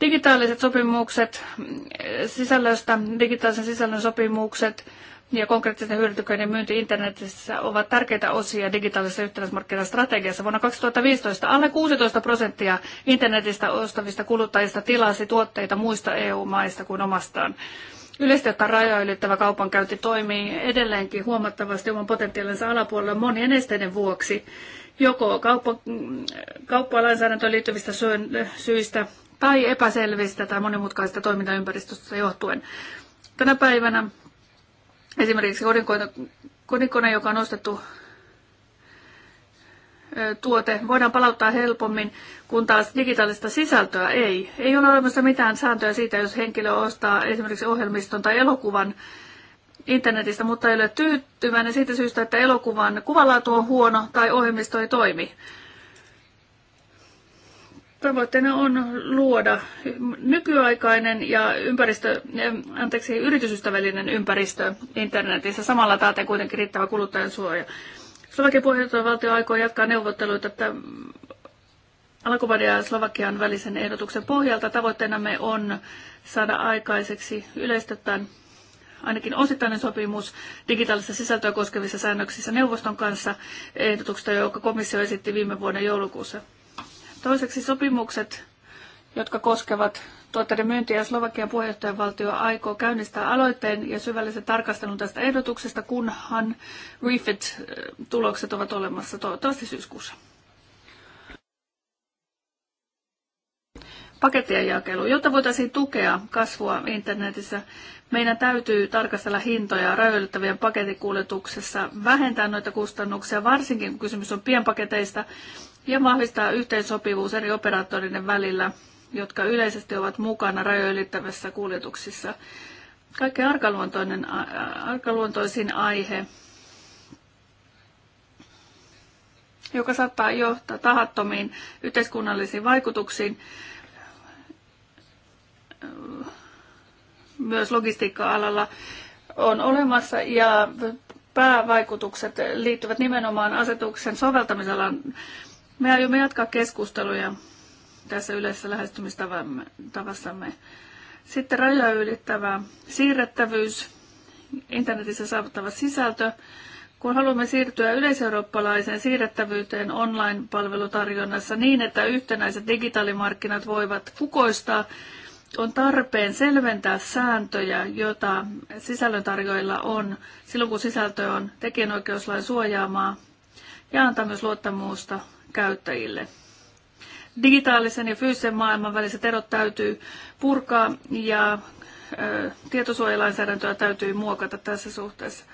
Digitaaliset sopimukset mm, sisällöstä, digitaalisen sisällön sopimukset ja konkreettisten hyödytyköiden myynti internetissä ovat tärkeitä osia digitaalisessa yhtenäismarkkinastrategiassa. Vuonna 2015 alle 16 prosenttia internetistä ostavista kuluttajista tilasi tuotteita muista EU-maista kuin omastaan. Yleisesti ottaen rajoja ylittävä kaupankäynti toimii edelleenkin huomattavasti oman potentiaalinsa alapuolella monien esteiden vuoksi, joko kauppa, kauppalainsäädäntöön liittyvistä syistä tai epäselvistä tai monimutkaisista toimintaympäristöstä johtuen. Tänä päivänä Esimerkiksi kodikone, joka on ostettu tuote voidaan palauttaa helpommin, kun taas digitaalista sisältöä ei. Ei ole olemassa mitään sääntöä siitä, jos henkilö ostaa esimerkiksi ohjelmiston tai elokuvan internetistä, mutta ei ole tyytyväinen siitä syystä, että elokuvan kuvanlaatu on huono tai ohjelmisto ei toimi. Tavoitteena on luoda nykyaikainen ja ympäristö, eh, anteeksi, yritysystävällinen ympäristö internetissä. Samalla taateen kuitenkin riittävä kuluttajan suoja. Slovakian puheenjohtajavaltio aikoo jatkaa neuvotteluita tämän Alkuvadia ja Slovakian välisen ehdotuksen pohjalta. Tavoitteenamme on saada aikaiseksi yleistettäen ainakin osittainen sopimus digitaalista sisältöä koskevissa säännöksissä neuvoston kanssa ehdotuksesta, joka komissio esitti viime vuoden joulukuussa. Toiseksi sopimukset, jotka koskevat tuotteiden myyntiä, Slovakian puheenjohtajavaltio aikoo käynnistää aloitteen ja syvällisen tarkastelun tästä ehdotuksesta, kunhan REFIT-tulokset ovat olemassa toivottavasti syyskuussa. pakettien jakelu. Jotta voitaisiin tukea kasvua internetissä, meidän täytyy tarkastella hintoja rajoitettavien paketikuljetuksessa, vähentää noita kustannuksia, varsinkin kun kysymys on pienpaketeista, ja vahvistaa yhteensopivuus eri operaattoreiden välillä, jotka yleisesti ovat mukana rajoylittävissä kuljetuksissa. Kaikkein arkaluontoinen, arkaluontoisin aihe, joka saattaa johtaa tahattomiin yhteiskunnallisiin vaikutuksiin, myös logistiikka-alalla on olemassa ja päävaikutukset liittyvät nimenomaan asetuksen soveltamisalan me aiomme jatkaa keskusteluja tässä yleisessä lähestymistavassamme. Sitten rajoja ylittävä siirrettävyys, internetissä saavuttava sisältö. Kun haluamme siirtyä yleiseurooppalaiseen siirrettävyyteen online-palvelutarjonnassa niin, että yhtenäiset digitaalimarkkinat voivat kukoistaa, on tarpeen selventää sääntöjä, joita sisällöntarjoilla on silloin, kun sisältö on tekijänoikeuslain suojaamaa ja antaa myös luottamusta käyttäjille. Digitaalisen ja fyysisen maailman väliset erot täytyy purkaa ja tietosuojalainsäädäntöä täytyy muokata tässä suhteessa.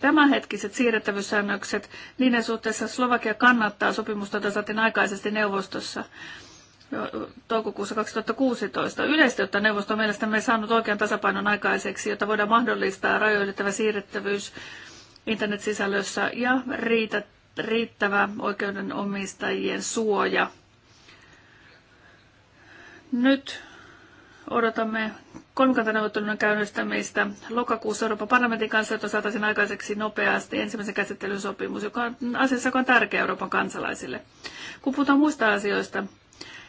Tämänhetkiset siirrettävyyssäännökset, niiden suhteessa Slovakia kannattaa sopimusta, jota saatiin aikaisesti neuvostossa toukokuussa 2016. Yleisesti, jotta neuvosto on mielestämme saanut oikean tasapainon aikaiseksi, jotta voidaan mahdollistaa rajoitettava siirrettävyys internetsisällössä ja riitä, riittävä oikeudenomistajien suoja. Nyt odotamme kolmikantaneuvottelun käynnistämistä lokakuussa Euroopan parlamentin kanssa, että saataisiin aikaiseksi nopeasti ensimmäisen käsittelyn sopimus, joka on asiassa, joka on tärkeä Euroopan kansalaisille. Kun puhutaan muista asioista,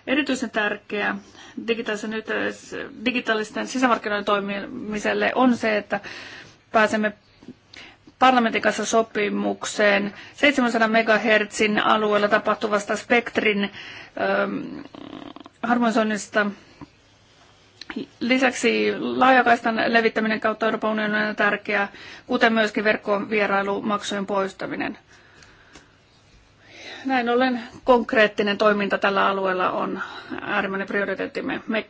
erityisen tärkeää digitaalisen digitaalisten sisämarkkinoiden toimimiselle on se, että pääsemme parlamentin kanssa sopimukseen 700 MHz alueella tapahtuvasta spektrin ähm, harmonisoinnista. Lisäksi laajakaistan levittäminen kautta Euroopan unionin on tärkeää, kuten myöskin verkkoon vierailumaksujen poistaminen. Näin ollen konkreettinen toiminta tällä alueella on äärimmäinen prioriteettimme. Me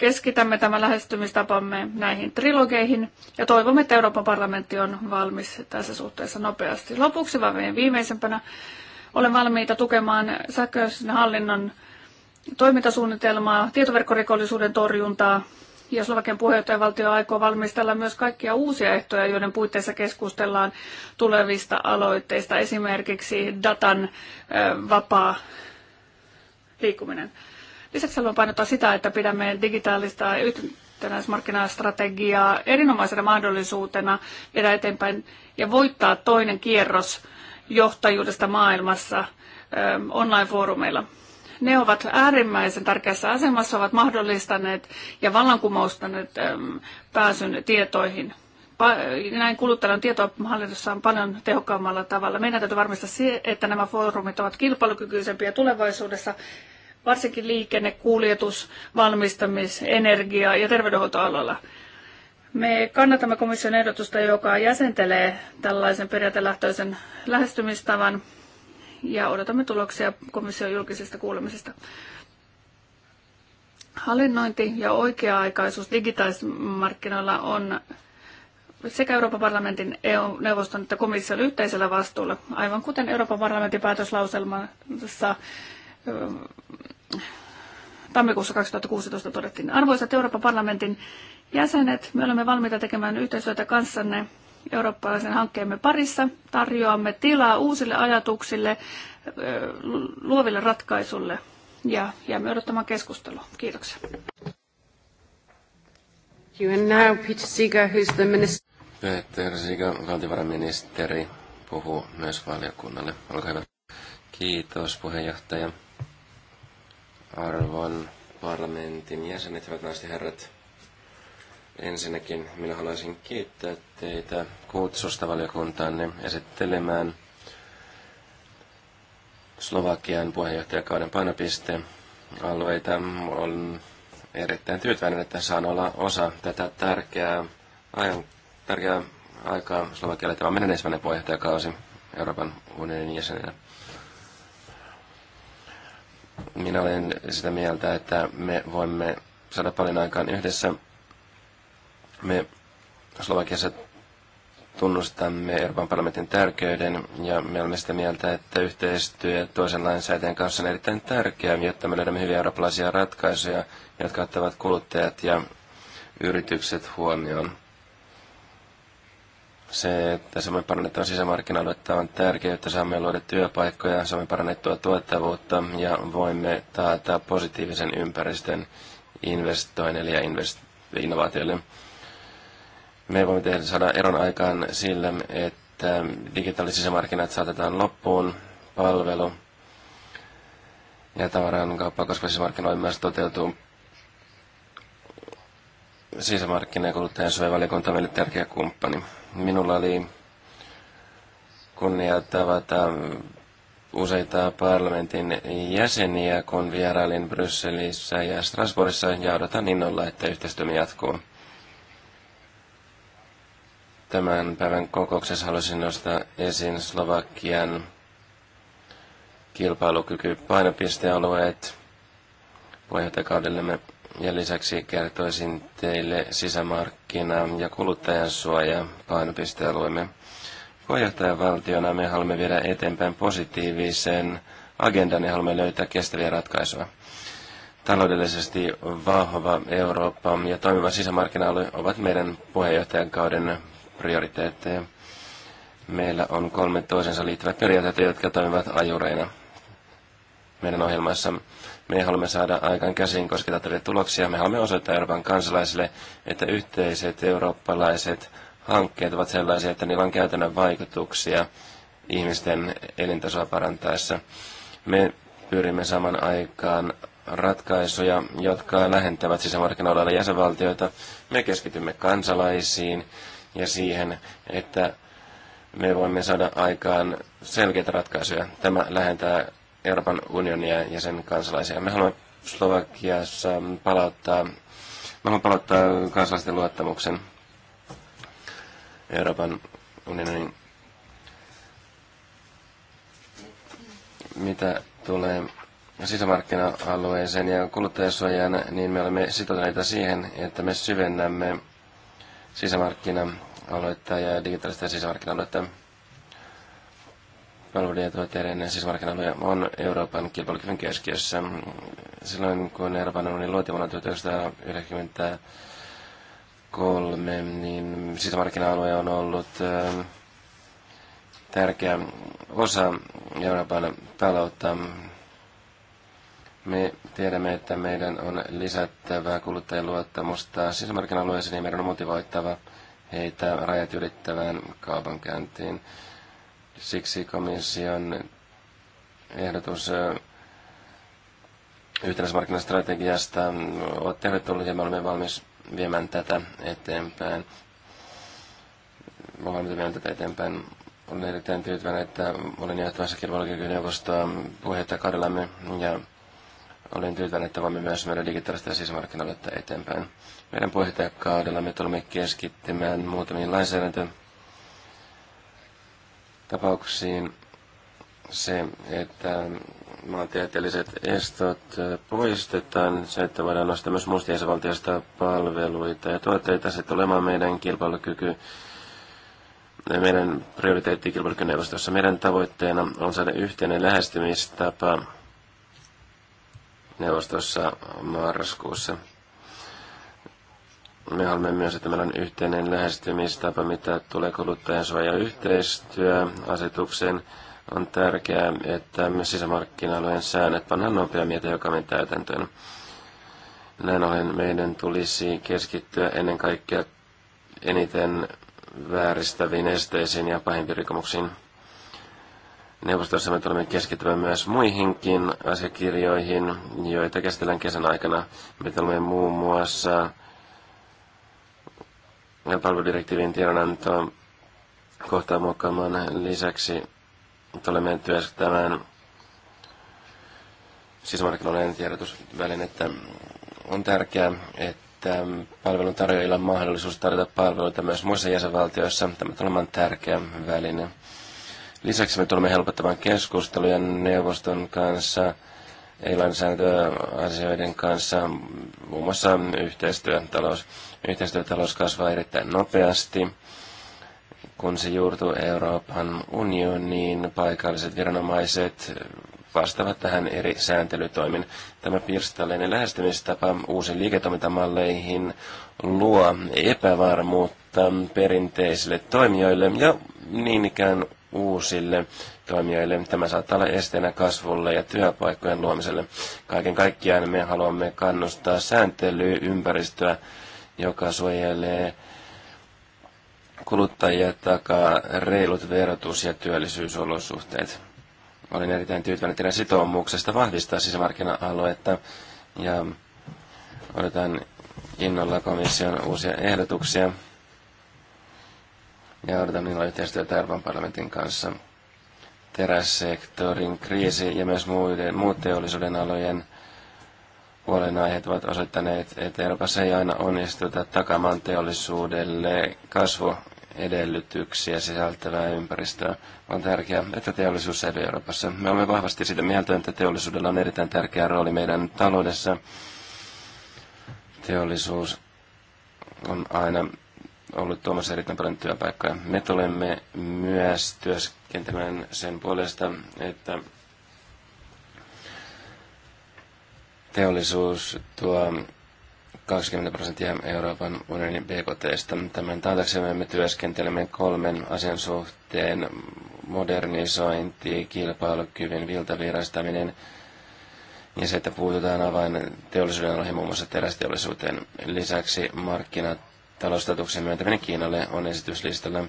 keskitämme tämän lähestymistapamme näihin trilogeihin ja toivomme, että Euroopan parlamentti on valmis tässä suhteessa nopeasti. Lopuksi vaan viimeisempänä olen valmiita tukemaan sähköisen hallinnon toimintasuunnitelmaa, tietoverkkorikollisuuden torjuntaa ja Slovakian puheenjohtajavaltio aikoo valmistella myös kaikkia uusia ehtoja, joiden puitteissa keskustellaan tulevista aloitteista, esimerkiksi datan vapaa liikkuminen. Lisäksi haluan painottaa sitä, että pidämme digitaalista yhtenäismarkkinastrategiaa erinomaisena mahdollisuutena viedä eteenpäin ja voittaa toinen kierros johtajuudesta maailmassa ähm, online-foorumeilla. Ne ovat äärimmäisen tärkeässä asemassa, ovat mahdollistaneet ja vallankumoustaneet ähm, pääsyn tietoihin näin kuluttajan tietoa on paljon tehokkaammalla tavalla. Meidän täytyy varmistaa se, että nämä foorumit ovat kilpailukykyisempiä tulevaisuudessa varsinkin liikenne, kuljetus, valmistamis, energia- ja terveydenhuoltoalalla. Me kannatamme komission ehdotusta, joka jäsentelee tällaisen periaatelähtöisen lähestymistavan ja odotamme tuloksia komission julkisesta kuulemisesta. Hallinnointi ja oikea-aikaisuus digitaalismarkkinoilla on sekä Euroopan parlamentin, EU-neuvoston että komission yhteisellä vastuulla, aivan kuten Euroopan parlamentin päätöslauselmassa tammikuussa 2016 todettiin. Arvoisat Euroopan parlamentin jäsenet, me olemme valmiita tekemään yhteistyötä kanssanne eurooppalaisen hankkeemme parissa. Tarjoamme tilaa uusille ajatuksille, luoville ratkaisulle ja jäämme odottamaan
keskustelua. Kiitoksia. Peter
Peter Siga, valtiovarainministeri, puhuu myös valiokunnalle. Olkaa hyvä. Kiitos puheenjohtaja. Arvon parlamentin jäsenet, hyvät naiset ja herrat. Ensinnäkin minä haluaisin kiittää teitä kutsusta valiokuntaanne esittelemään Slovakian puheenjohtajakauden painopiste alueita. On erittäin tyytyväinen, että saan olla osa tätä tärkeää, ajan, tärkeää aikaa Slovakialle. Tämä on meidän ensimmäinen puheenjohtajakausi Euroopan unionin jäsenenä. Minä olen sitä mieltä, että me voimme saada paljon aikaan yhdessä. Me Slovakiassa tunnustamme Euroopan parlamentin tärkeyden ja me olemme sitä mieltä, että yhteistyö toisen lainsäätäjän kanssa on erittäin tärkeää, jotta me löydämme hyviä eurooppalaisia ratkaisuja, jotka ottavat kuluttajat ja yritykset huomioon se, että saamme parannettua sisämarkkinoita on tärkeää, että saamme luoda työpaikkoja, saamme parannettua tuottavuutta ja voimme taata positiivisen ympäristön investoinneille ja invest- innovaatioille. Me voimme tehdä, saada eron aikaan sillä, että digitaaliset sisämarkkinat saatetaan loppuun, palvelu ja tavaran kauppa koska sisämarkkinoilla myös toteutuu sisämarkkina- ja kuluttajansuojavaliokunta meille tärkeä kumppani. Minulla oli kunnia tavata useita parlamentin jäseniä, kun vierailin Brysselissä ja Strasbourgissa, ja odotan innolla, että yhteistyömme jatkuu. Tämän päivän kokouksessa haluaisin nostaa esiin Slovakian kilpailukyky painopistealueet. Puheenjohtajakaudellemme ja lisäksi kertoisin teille sisämarkkina- ja kuluttajansuoja painopistealueemme. Puheenjohtajavaltiona me haluamme viedä eteenpäin positiivisen agendan ja haluamme löytää kestäviä ratkaisuja. Taloudellisesti vahva Eurooppa ja toimiva sisämarkkina ovat meidän puheenjohtajakauden prioriteetteja. Meillä on kolme toisensa liittyvät periaatteet, jotka toimivat ajureina meidän ohjelmassa. Me haluamme saada aikaan käsin kosketettavia tuloksia. Me haluamme osoittaa Euroopan kansalaisille, että yhteiset eurooppalaiset hankkeet ovat sellaisia, että niillä on käytännön vaikutuksia ihmisten elintasoa parantaessa. Me pyrimme saman aikaan ratkaisuja, jotka lähentävät sisämarkkinoilla jäsenvaltioita. Me keskitymme kansalaisiin ja siihen, että me voimme saada aikaan selkeitä ratkaisuja. Tämä lähentää Euroopan unionia ja sen kansalaisia. Me haluamme Slovakiassa palauttaa, me haluamme palauttaa kansalaisten luottamuksen Euroopan unionin mitä tulee sisämarkkina-alueeseen ja kuluttajasuojaan, niin me olemme sitoutuneita siihen, että me syvennämme sisämarkkina-aluetta ja digitaalista sisämarkkina-aluetta palveluiden ja tuotteiden sisämarkkinoilla on Euroopan kilpailukyvyn keskiössä. Silloin kun Euroopan unioni luotiin vuonna 1993, niin sisämarkkina-alue on ollut ähm, tärkeä osa Euroopan taloutta. Me tiedämme, että meidän on lisättävä kuluttajien luottamusta sisämarkkina-alueeseen ja meidän on motivoittava heitä rajat ylittävään kaupankäyntiin. Siksi komission ehdotus yhtenäismarkkinastrategiasta on tervetullut ja me olemme valmis viemään tätä eteenpäin. Olen valmis viemään tätä eteenpäin. Olen erittäin tyytyväinen, että olen johtavassa kilpailukykyneuvostoa puheita kadellamme ja olen tyytyväinen, että voimme myös meidän digitaalista ja sisämarkkinoilta eteenpäin. Meidän puheenjohtajakaudella me tulemme keskittymään muutamiin lainsäädäntöön tapauksiin se, että maantieteelliset estot poistetaan, se, että voidaan nostaa myös mustiaisen palveluita ja tuotteita, se tulemaan meidän kilpailukyky, meidän prioriteetti kilpailukyneuvostossa. Meidän tavoitteena on saada yhteinen lähestymistapa neuvostossa marraskuussa. Me haluamme myös, että meillä on yhteinen lähestymistapa, mitä tulee sovaja-yhteistyö asetuksen, On tärkeää, että sisämarkkina-alueen säännöt pannaan nopeammin ja tehokkaammin täytäntöön. Näin ollen meidän tulisi keskittyä ennen kaikkea eniten vääristäviin esteisiin ja pahimpiin rikomuksiin. Neuvostossa me tulemme keskittymään myös muihinkin asiakirjoihin, joita käsitellään kesän aikana. Me tulemme muun muassa palveludirektiivin tiedonantoon kohtaa muokkaamaan lisäksi tulemme työskentämään sisämarkkinoiden tiedotusvälinettä. On tärkeää, että palveluntarjoajilla on mahdollisuus tarjota palveluita myös muissa jäsenvaltioissa. Tämä tulee olemaan tärkeä väline. Lisäksi me tulemme helpottamaan keskusteluja neuvoston kanssa, ei-lainsäädäntöasioiden kanssa, muun muassa yhteistyötalous. talous Yhteistyötalous kasvaa erittäin nopeasti. Kun se juurtuu Euroopan unioniin, paikalliset viranomaiset vastaavat tähän eri sääntelytoimin. Tämä pirstaleinen lähestymistapa uusiin liiketoimintamalleihin luo epävarmuutta perinteisille toimijoille ja niin ikään uusille toimijoille. Tämä saattaa olla esteenä kasvulle ja työpaikkojen luomiselle. Kaiken kaikkiaan me haluamme kannustaa sääntelyympäristöä ympäristöä joka suojelee kuluttajia takaa reilut verotus- ja työllisyysolosuhteet. Olin erittäin tyytyväinen teidän sitoumuksesta vahvistaa sisämarkkina-aluetta ja odotan innolla komission uusia ehdotuksia ja odotan innolla yhteistyötä Euroopan parlamentin kanssa. Terässektorin kriisi ja myös muiden, muut teollisuuden alojen huolenaiheet ovat osoittaneet, että Euroopassa ei aina onnistuta takamaan teollisuudelle kasvuedellytyksiä sisältävää ympäristöä. On tärkeää, että teollisuus säilyy Euroopassa. Me olemme vahvasti sitä mieltä, että teollisuudella on erittäin tärkeä rooli meidän taloudessa. Teollisuus on aina ollut tuomassa erittäin paljon työpaikkoja. Me tulemme myös työskentelemään sen puolesta, että teollisuus tuo 20 prosenttia Euroopan unionin BKTstä. Tämän taataksemme me työskentelemme kolmen asian suhteen. Modernisointi, kilpailukyvyn viltavirastaminen ja se, että puututaan avain teollisuuden ohi muun muassa terästeollisuuteen. Lisäksi markkinataloustatuksen myöntäminen Kiinalle on esityslistalla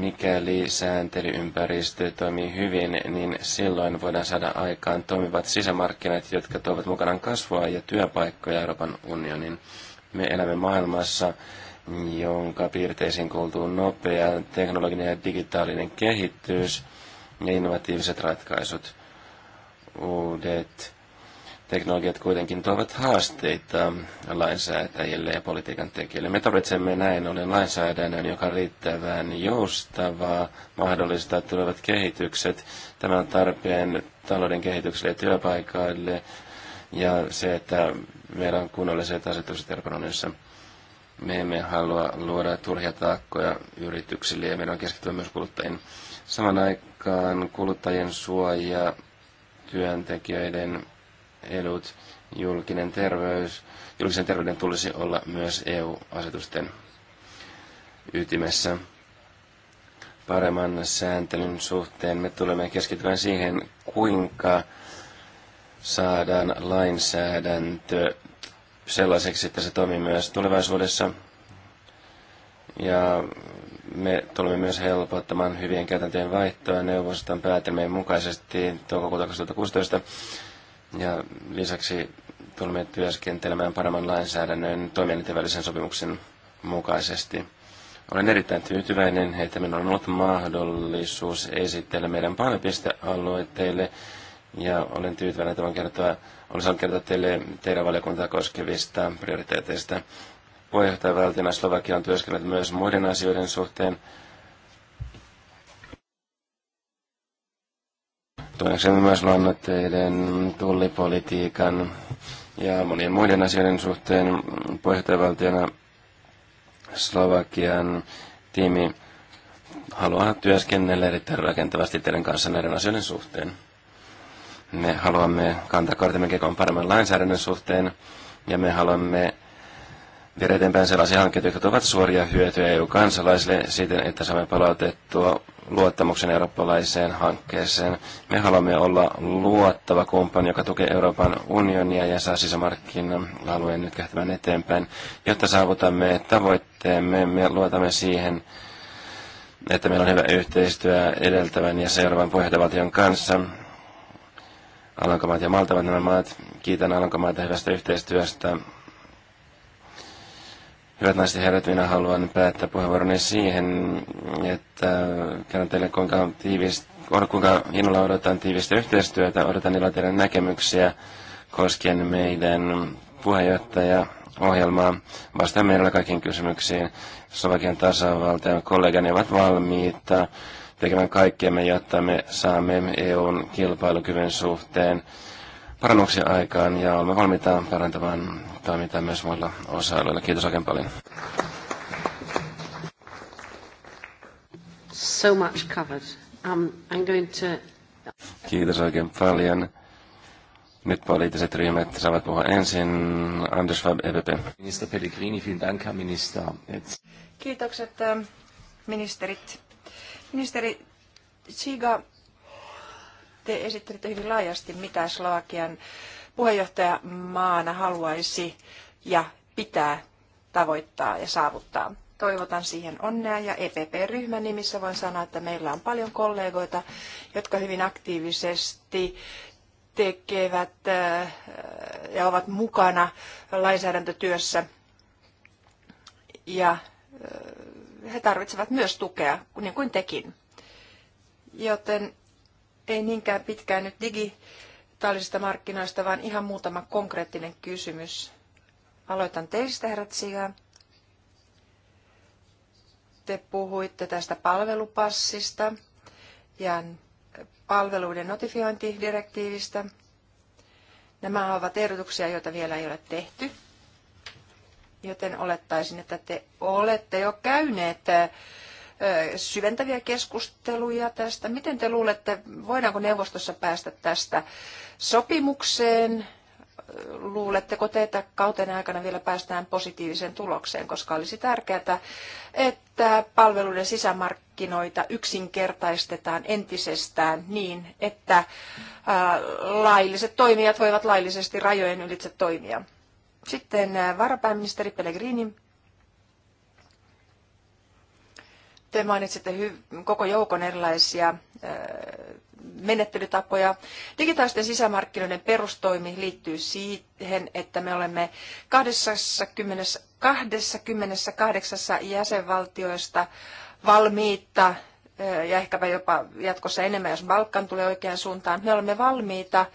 mikäli sääntelyympäristö toimii hyvin, niin silloin voidaan saada aikaan toimivat sisämarkkinat, jotka tuovat mukanaan kasvua ja työpaikkoja Euroopan unionin. Me elämme maailmassa, jonka piirteisiin kuuluu nopea teknologinen ja digitaalinen kehitys ja innovatiiviset ratkaisut. Uudet Teknologiat kuitenkin tuovat haasteita lainsäätäjille ja politiikan tekijöille. Me tarvitsemme näin ollen lainsäädännön, joka on riittävän joustavaa, mahdollistaa tulevat kehitykset. Tämä on tarpeen talouden kehitykselle ja työpaikoille ja se, että meillä on kunnolliset asetukset Ergononissa. Me emme halua luoda turhia taakkoja yrityksille ja meidän on keskittyä myös kuluttajien. Saman aikaan kuluttajien suoja työntekijöiden edut, julkinen terveys, julkisen terveyden tulisi olla myös EU-asetusten ytimessä. Paremman sääntelyn suhteen me tulemme keskittymään siihen, kuinka saadaan lainsäädäntö sellaiseksi, että se toimii myös tulevaisuudessa. Ja me tulemme myös helpottamaan hyvien käytäntöjen vaihtoa neuvoston päätelmien mukaisesti toukokuuta 2016 ja lisäksi tulemme työskentelemään paremman lainsäädännön toimielinten sopimuksen mukaisesti. Olen erittäin tyytyväinen, että minulla on ollut mahdollisuus esitellä meidän painopistealueille ja olen tyytyväinen, että voin kertoa, olen saanut kertoa teille teidän valiokuntaa koskevista prioriteeteista. Puheenjohtaja Valtina Slovakia on työskennellyt myös muiden asioiden suhteen. tunneksemme myös lannoitteiden, tullipolitiikan ja monien muiden asioiden suhteen puheenjohtajavaltiona Slovakian tiimi haluaa työskennellä erittäin rakentavasti teidän kanssa näiden asioiden suhteen. Me haluamme kantaa kortimme kekoon paremman lainsäädännön suhteen ja me haluamme viedä eteenpäin sellaisia hankkeita, jotka ovat suoria hyötyjä EU-kansalaisille siten, että saamme palautettua luottamuksen eurooppalaiseen hankkeeseen. Me haluamme olla luottava kumppani, joka tukee Euroopan unionia ja saa sisämarkkinan alueen nyt kähtämään eteenpäin. Jotta saavutamme tavoitteemme, me luotamme siihen, että meillä on hyvä yhteistyö edeltävän ja seuraavan puheenjohtajan kanssa. Alankomaat ja Maltavat nämä maat. Kiitän Alankomaita hyvästä yhteistyöstä Hyvät naiset ja herrat, minä haluan päättää puheenvuoroni siihen, että kerron teille kuinka, tiivist, kuinka innolla odotan tiivistä yhteistyötä, odotan niillä teidän näkemyksiä koskien meidän puheenjohtaja ohjelmaa. Vastaan meillä kaikkiin kysymyksiin. Slovakian tasavalta ja kollegani ovat valmiita tekemään kaikkemme, jotta me saamme EUn kilpailukyvyn suhteen parannuksia aikaan ja olemme valmiita parantamaan toimintaa myös muilla osa-alueilla. Kiitos oikein paljon. So much covered. Um, I'm going to... Kiitos oikein paljon. Nyt poliittiset ryhmät saavat puhua ensin. Anders Fab EPP. Minister Pellegrini, vielen Dank, Herr Minister.
Kiitokset äh, ministerit. Ministeri Chiga, te esittelitte hyvin laajasti, mitä Slovakian puheenjohtajamaana haluaisi ja pitää tavoittaa ja saavuttaa. Toivotan siihen onnea ja EPP-ryhmän nimissä voin sanoa, että meillä on paljon kollegoita, jotka hyvin aktiivisesti tekevät äh, ja ovat mukana lainsäädäntötyössä. Ja äh, he tarvitsevat myös tukea, niin kuin tekin. Joten ei niinkään pitkään nyt digitaalisista markkinoista, vaan ihan muutama konkreettinen kysymys. Aloitan teistä, herrat Siga. Te puhuitte tästä palvelupassista ja palveluiden notifiointidirektiivistä. Nämä ovat ehdotuksia, joita vielä ei ole tehty, joten olettaisin, että te olette jo käyneet syventäviä keskusteluja tästä. Miten te luulette, voidaanko neuvostossa päästä tästä sopimukseen? Luuletteko te, että kauteen aikana vielä päästään positiiviseen tulokseen, koska olisi tärkeää, että palveluiden sisämarkkinoita yksinkertaistetaan entisestään niin, että lailliset toimijat voivat laillisesti rajojen ylitse toimia. Sitten varapääministeri Pellegrini Te mainitsitte koko joukon erilaisia menettelytapoja. Digitaalisten sisämarkkinoiden perustoimi liittyy siihen, että me olemme 20, 28 jäsenvaltioista valmiita ja ehkäpä jopa jatkossa enemmän, jos Balkan tulee oikeaan suuntaan. Me olemme valmiita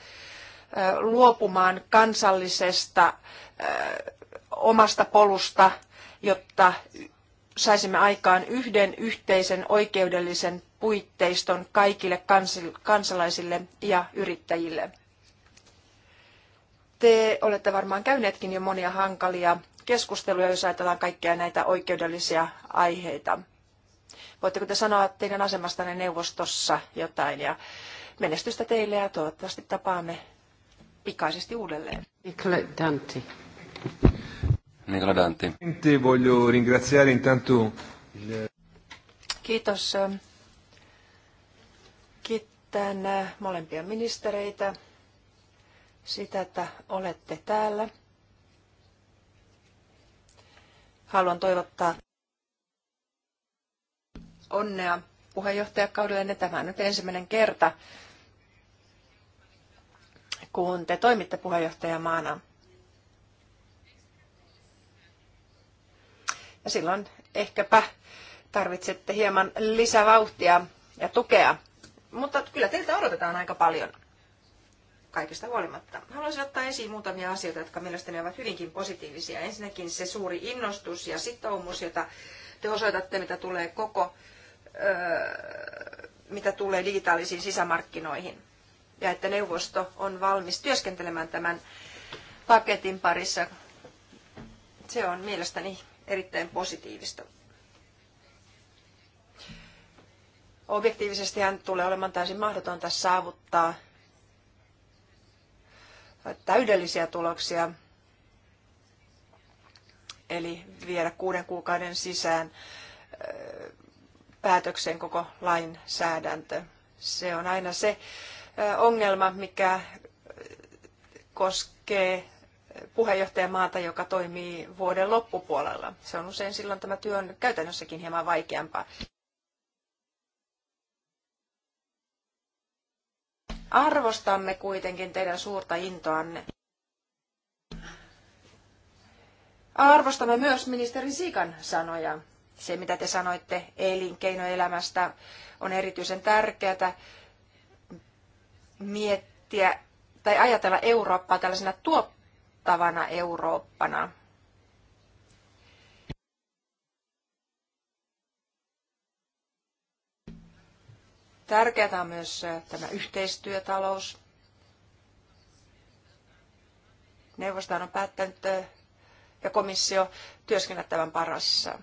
luopumaan kansallisesta omasta polusta, jotta saisimme aikaan yhden yhteisen oikeudellisen puitteiston kaikille kansalaisille ja yrittäjille. Te olette varmaan käyneetkin jo monia hankalia keskusteluja, jos ajatellaan kaikkia näitä oikeudellisia aiheita. Voitteko te sanoa teidän asemastanne neuvostossa jotain ja menestystä teille ja toivottavasti tapaamme pikaisesti uudelleen. Nicola Kiitos. Kiitän eh, molempia ministereitä sitä, että olette täällä. Haluan toivottaa onnea puheenjohtajakaudelle. Tämä on nyt ensimmäinen kerta, kun te toimitte puheenjohtajamaana. silloin ehkäpä tarvitsette hieman lisävauhtia ja tukea. Mutta kyllä teiltä odotetaan aika paljon kaikesta huolimatta. Haluaisin ottaa esiin muutamia asioita, jotka mielestäni ovat hyvinkin positiivisia. Ensinnäkin se suuri innostus ja sitoumus, jota te osoitatte, mitä tulee koko, öö, mitä tulee digitaalisiin sisämarkkinoihin. Ja että neuvosto on valmis työskentelemään tämän paketin parissa. Se on mielestäni erittäin positiivista. Objektiivisesti hän tulee olemaan täysin mahdotonta saavuttaa täydellisiä tuloksia, eli viedä kuuden kuukauden sisään päätökseen koko lainsäädäntö. Se on aina se ongelma, mikä koskee puheenjohtajamaata, joka toimii vuoden loppupuolella. Se on usein silloin tämä työ on käytännössäkin hieman vaikeampaa. Arvostamme kuitenkin teidän suurta intoanne. Arvostamme myös ministeri Sikan sanoja. Se, mitä te sanoitte elinkeinoelämästä, on erityisen tärkeää miettiä tai ajatella Eurooppaa tällaisena tuottajana uskottavana Eurooppana. Tärkeää on myös äh, tämä yhteistyötalous. Neuvosto on päättänyt äh, ja komissio työskennettävän parassa.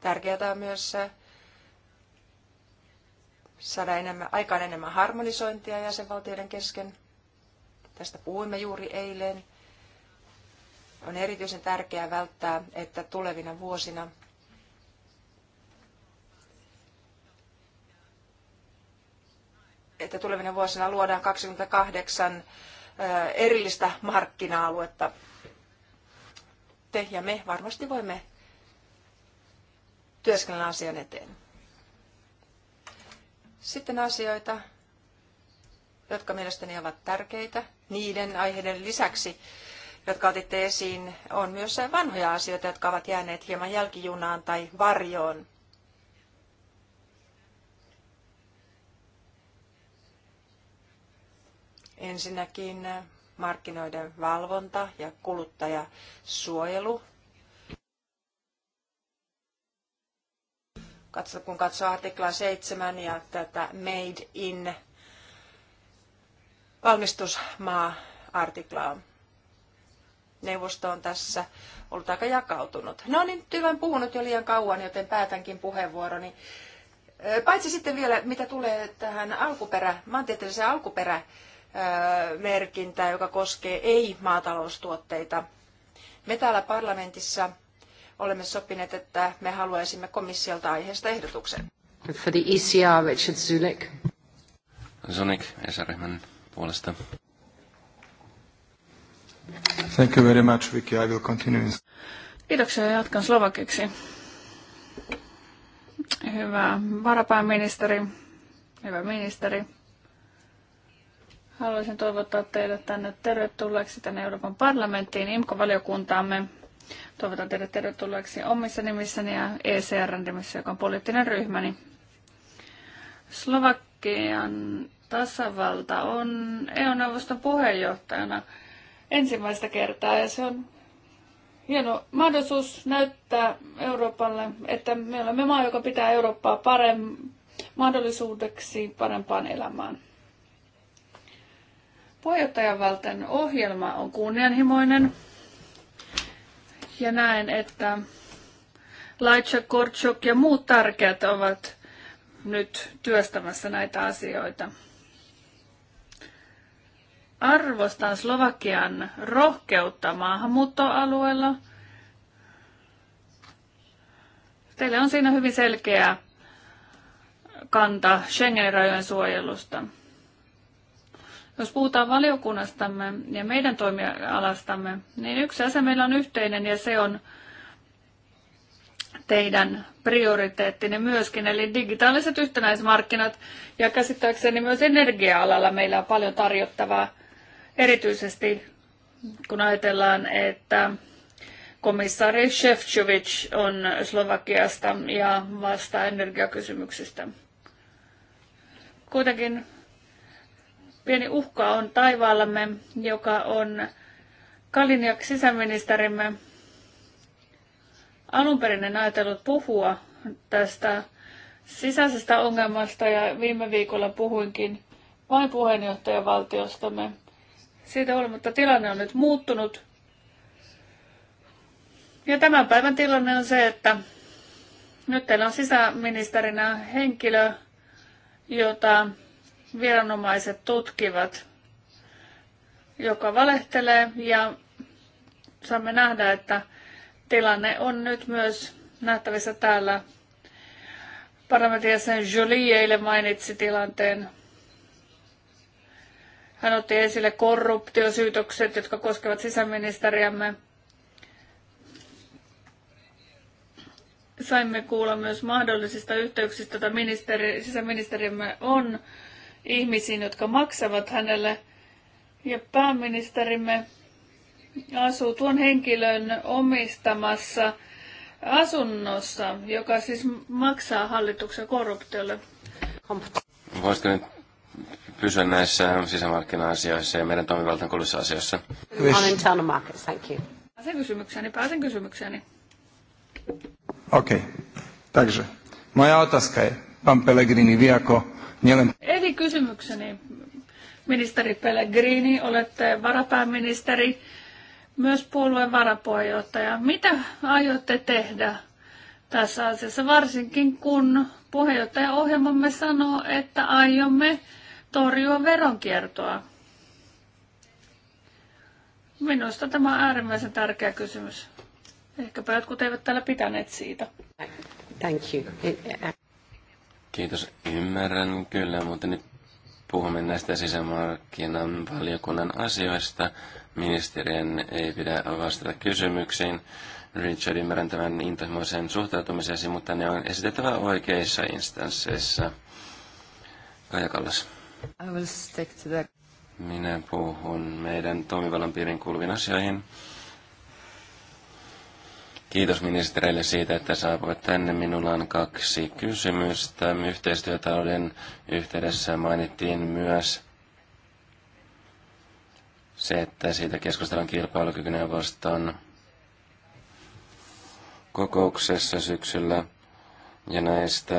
Tärkeää on myös äh, saada enemmän, aikaan enemmän harmonisointia jäsenvaltioiden kesken. Tästä puhuimme juuri eilen. On erityisen tärkeää välttää, että tulevina vuosina että tulevina vuosina luodaan 28 erillistä markkina-aluetta. Te ja me varmasti voimme työskennellä asian eteen. Sitten asioita, jotka mielestäni ovat tärkeitä niiden aiheiden lisäksi, jotka otitte esiin, on myös vanhoja asioita, jotka ovat jääneet hieman jälkijunaan tai varjoon. Ensinnäkin markkinoiden valvonta ja kuluttajasuojelu. Kun katsoo artiklaa 7 ja tätä Made in valmistusmaa-artiklaa. Neuvosto on tässä ollut aika jakautunut. No niin, hyvän puhunut jo liian kauan, joten päätänkin puheenvuoroni. Paitsi sitten vielä, mitä tulee tähän alkuperä, maantieteelliseen alkuperämerkintään, joka koskee ei-maataloustuotteita. Me täällä parlamentissa olemme sopineet, että me haluaisimme komissiolta aiheesta ehdotuksen. For the ECR, Richard Zulik.
Zulik, e puolesta. Thank you very much, Vicky. I will continue.
Kiitoksia ja jatkan slovakiksi. Hyvä varapääministeri, hyvä ministeri. Haluaisin toivottaa teidät tänne tervetulleeksi tänne Euroopan parlamenttiin, imco valiokuntaamme Toivotan teidät tervetulleeksi omissa nimissäni ja ecr nimissä, joka on poliittinen ryhmäni. Slovakian tasavalta on EU-neuvoston puheenjohtajana ensimmäistä kertaa ja se on hieno mahdollisuus näyttää Euroopalle, että me olemme maa, joka pitää Eurooppaa parem- mahdollisuudeksi parempaan elämään. Puheenjohtajavalten ohjelma on kunnianhimoinen ja näen, että Laitsa Korchok ja muut tärkeät ovat nyt työstämässä näitä asioita. Arvostan Slovakian rohkeutta maahanmuuttoalueella. Teillä on siinä hyvin selkeä kanta Schengenin rajojen suojelusta. Jos puhutaan valiokunnastamme ja meidän toimialastamme, niin yksi asia meillä on yhteinen ja se on teidän prioriteettinne myöskin, eli digitaaliset yhtenäismarkkinat ja käsittääkseni myös energia-alalla meillä on paljon tarjottavaa. Erityisesti kun ajatellaan, että komissaari Shevchovic on Slovakiasta ja vastaa energiakysymyksistä. Kuitenkin pieni uhka on taivaallamme, joka on Kalinjak sisäministerimme alunperinen ajatellut puhua tästä sisäisestä ongelmasta ja viime viikolla puhuinkin vain puheenjohtajavaltiostamme siitä huolimatta tilanne on nyt muuttunut. Ja tämän päivän tilanne on se, että nyt teillä on sisäministerinä henkilö, jota viranomaiset tutkivat, joka valehtelee ja saamme nähdä, että tilanne on nyt myös nähtävissä täällä. Parlamentin jäsen Jolie eilen mainitsi tilanteen hän otti esille korruptiosyytökset, jotka koskevat sisäministeriämme. Saimme kuulla myös mahdollisista yhteyksistä, joita ministeri, sisäministeriämme on ihmisiin, jotka maksavat hänelle. Ja pääministerimme asuu tuon henkilön omistamassa asunnossa, joka siis maksaa hallituksen korruptiolle.
Voisitko nyt pysyä näissä sisämarkkina-asioissa ja meidän toimivaltaan kuuluvissa asioissa. On internal markets, thank you.
Pääsen kysymykseeni, niin pääsen kysymykseeni.
Niin- Okei, okay. takže. Moja otázka je, pan Pellegrini, viako, ako nielen...
Eli kysymykseni, ministeri Pellegrini, olette varapääministeri, myös puolueen varapuheenjohtaja. Mitä aiotte tehdä tässä asiassa, varsinkin kun puheenjohtajaohjelmamme sanoo, että aiomme torjua veronkiertoa? Minusta tämä on äärimmäisen tärkeä kysymys. Ehkäpä jotkut eivät täällä pitäneet siitä.
Thank you. Kiitos. Ymmärrän kyllä, mutta nyt puhumme näistä sisämarkkinan valiokunnan asioista. Ministerien ei pidä vastata kysymyksiin. Richard, ymmärrän tämän intohimoisen suhtautumisesi, mutta ne on esitettävä oikeissa instansseissa. Kaja Kallas.
I will stick to that.
Minä puhun meidän toimivallan piirin kuuluviin asioihin. Kiitos ministereille siitä, että saapuivat tänne. Minulla on kaksi kysymystä. Yhteistyötalouden yhteydessä mainittiin myös se, että siitä keskustellaan kilpailukykyneuvoston kokouksessa syksyllä. Ja näistä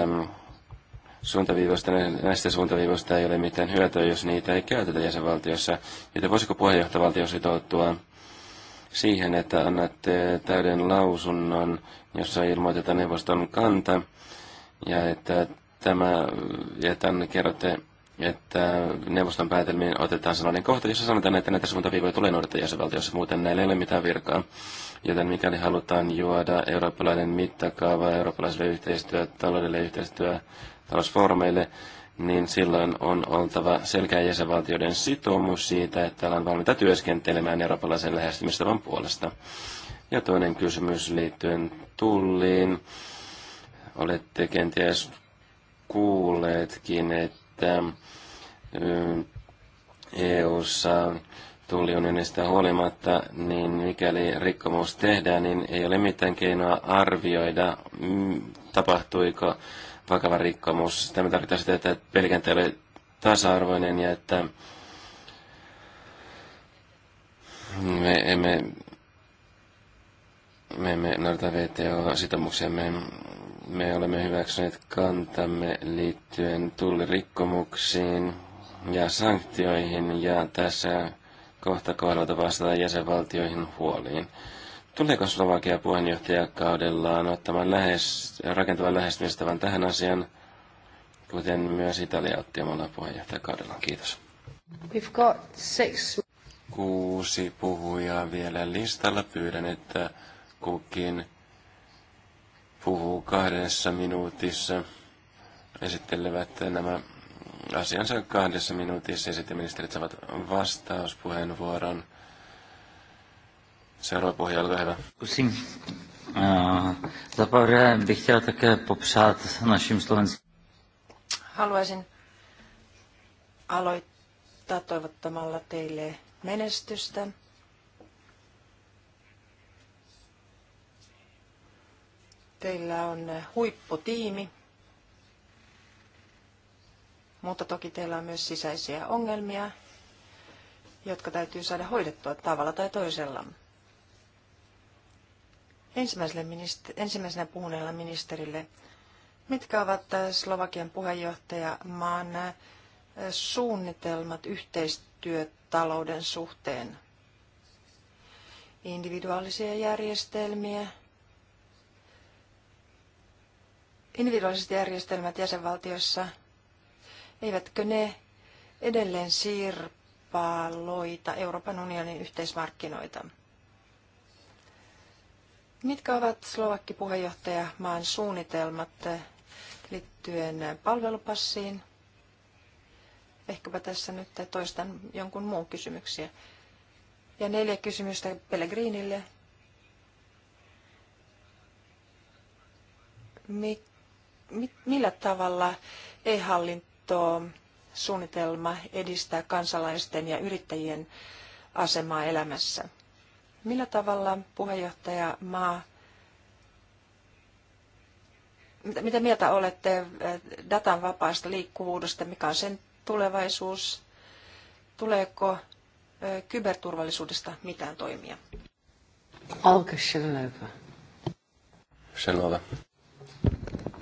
suuntaviivoista, näistä suuntaviivoista ei ole mitään hyötyä, jos niitä ei käytetä jäsenvaltiossa. Joten voisiko puheenjohtavaltio sitoutua siihen, että annatte täyden lausunnon, jossa ilmoitetaan neuvoston kanta, ja että tämä, että kerrotte, että neuvoston päätelmiin otetaan sellainen kohta, jossa sanotaan, että näitä suuntaviivoja tulee noudattaa jäsenvaltiossa, muuten näillä ei ole mitään virkaa. Joten mikäli halutaan juoda eurooppalainen mittakaava, eurooppalaiselle yhteistyö, taloudelle yhteistyö, talousfoorumeille, niin silloin on oltava selkeä jäsenvaltioiden sitoumus siitä, että ollaan valmiita työskentelemään eurooppalaisen lähestymistavan puolesta. Ja toinen kysymys liittyen tulliin. Olette kenties kuulleetkin, että EU-ssa tulliunionista huolimatta, niin mikäli rikkomus tehdään, niin ei ole mitään keinoa arvioida, tapahtuiko vakava rikkomus. Tämä tarkoittaa sitä, että pelikenttä ei tasa-arvoinen ja että me emme, me emme noudata VTO-sitomuksia. Me, me olemme hyväksyneet kantamme liittyen tullirikkomuksiin ja sanktioihin ja tässä kohta kohdalta vastata jäsenvaltioihin huoliin. Tuleeko Slovakia puheenjohtajakaudellaan ottamaan lähes, rakentavan lähestymistavan tähän asiaan, kuten myös Italia otti omalla puheenjohtajakaudellaan? Kiitos.
We've got six.
Kuusi puhujaa vielä listalla. Pyydän, että kukin puhuu kahdessa minuutissa. Esittelevät nämä asiansa kahdessa minuutissa ja sitten ministerit saavat vastauspuheenvuoron. Seuraava puhuja, olkaa hyvä. Eh, Kusin.
Haluaisin aloittaa toivottamalla teille menestystä. Teillä on huipputiimi, mutta toki teillä on myös sisäisiä ongelmia, jotka täytyy saada hoidettua tavalla tai toisella ensimmäiselle ensimmäisenä puhuneella ministerille. Mitkä ovat äh, Slovakian puheenjohtajamaan äh, suunnitelmat yhteistyötalouden suhteen? Individuaalisia järjestelmiä, individuaaliset järjestelmät jäsenvaltioissa, eivätkö ne edelleen loita Euroopan unionin yhteismarkkinoita? Mitkä ovat Slovakki puheenjohtajamaan suunnitelmat liittyen palvelupassiin? Ehkäpä tässä nyt toistan jonkun muun kysymyksiä. Ja neljä kysymystä Pellegrinille. Mi- mi- millä tavalla e-hallinto suunnitelma edistää kansalaisten ja yrittäjien asemaa elämässä? Millä tavalla puheenjohtaja maa mitä mieltä olette eh, datan vapaasta liikkuvuudesta, mikä on sen tulevaisuus? Tuleeko eh, kyberturvallisuudesta mitään toimia? Olga
Shenlova. Shenlova.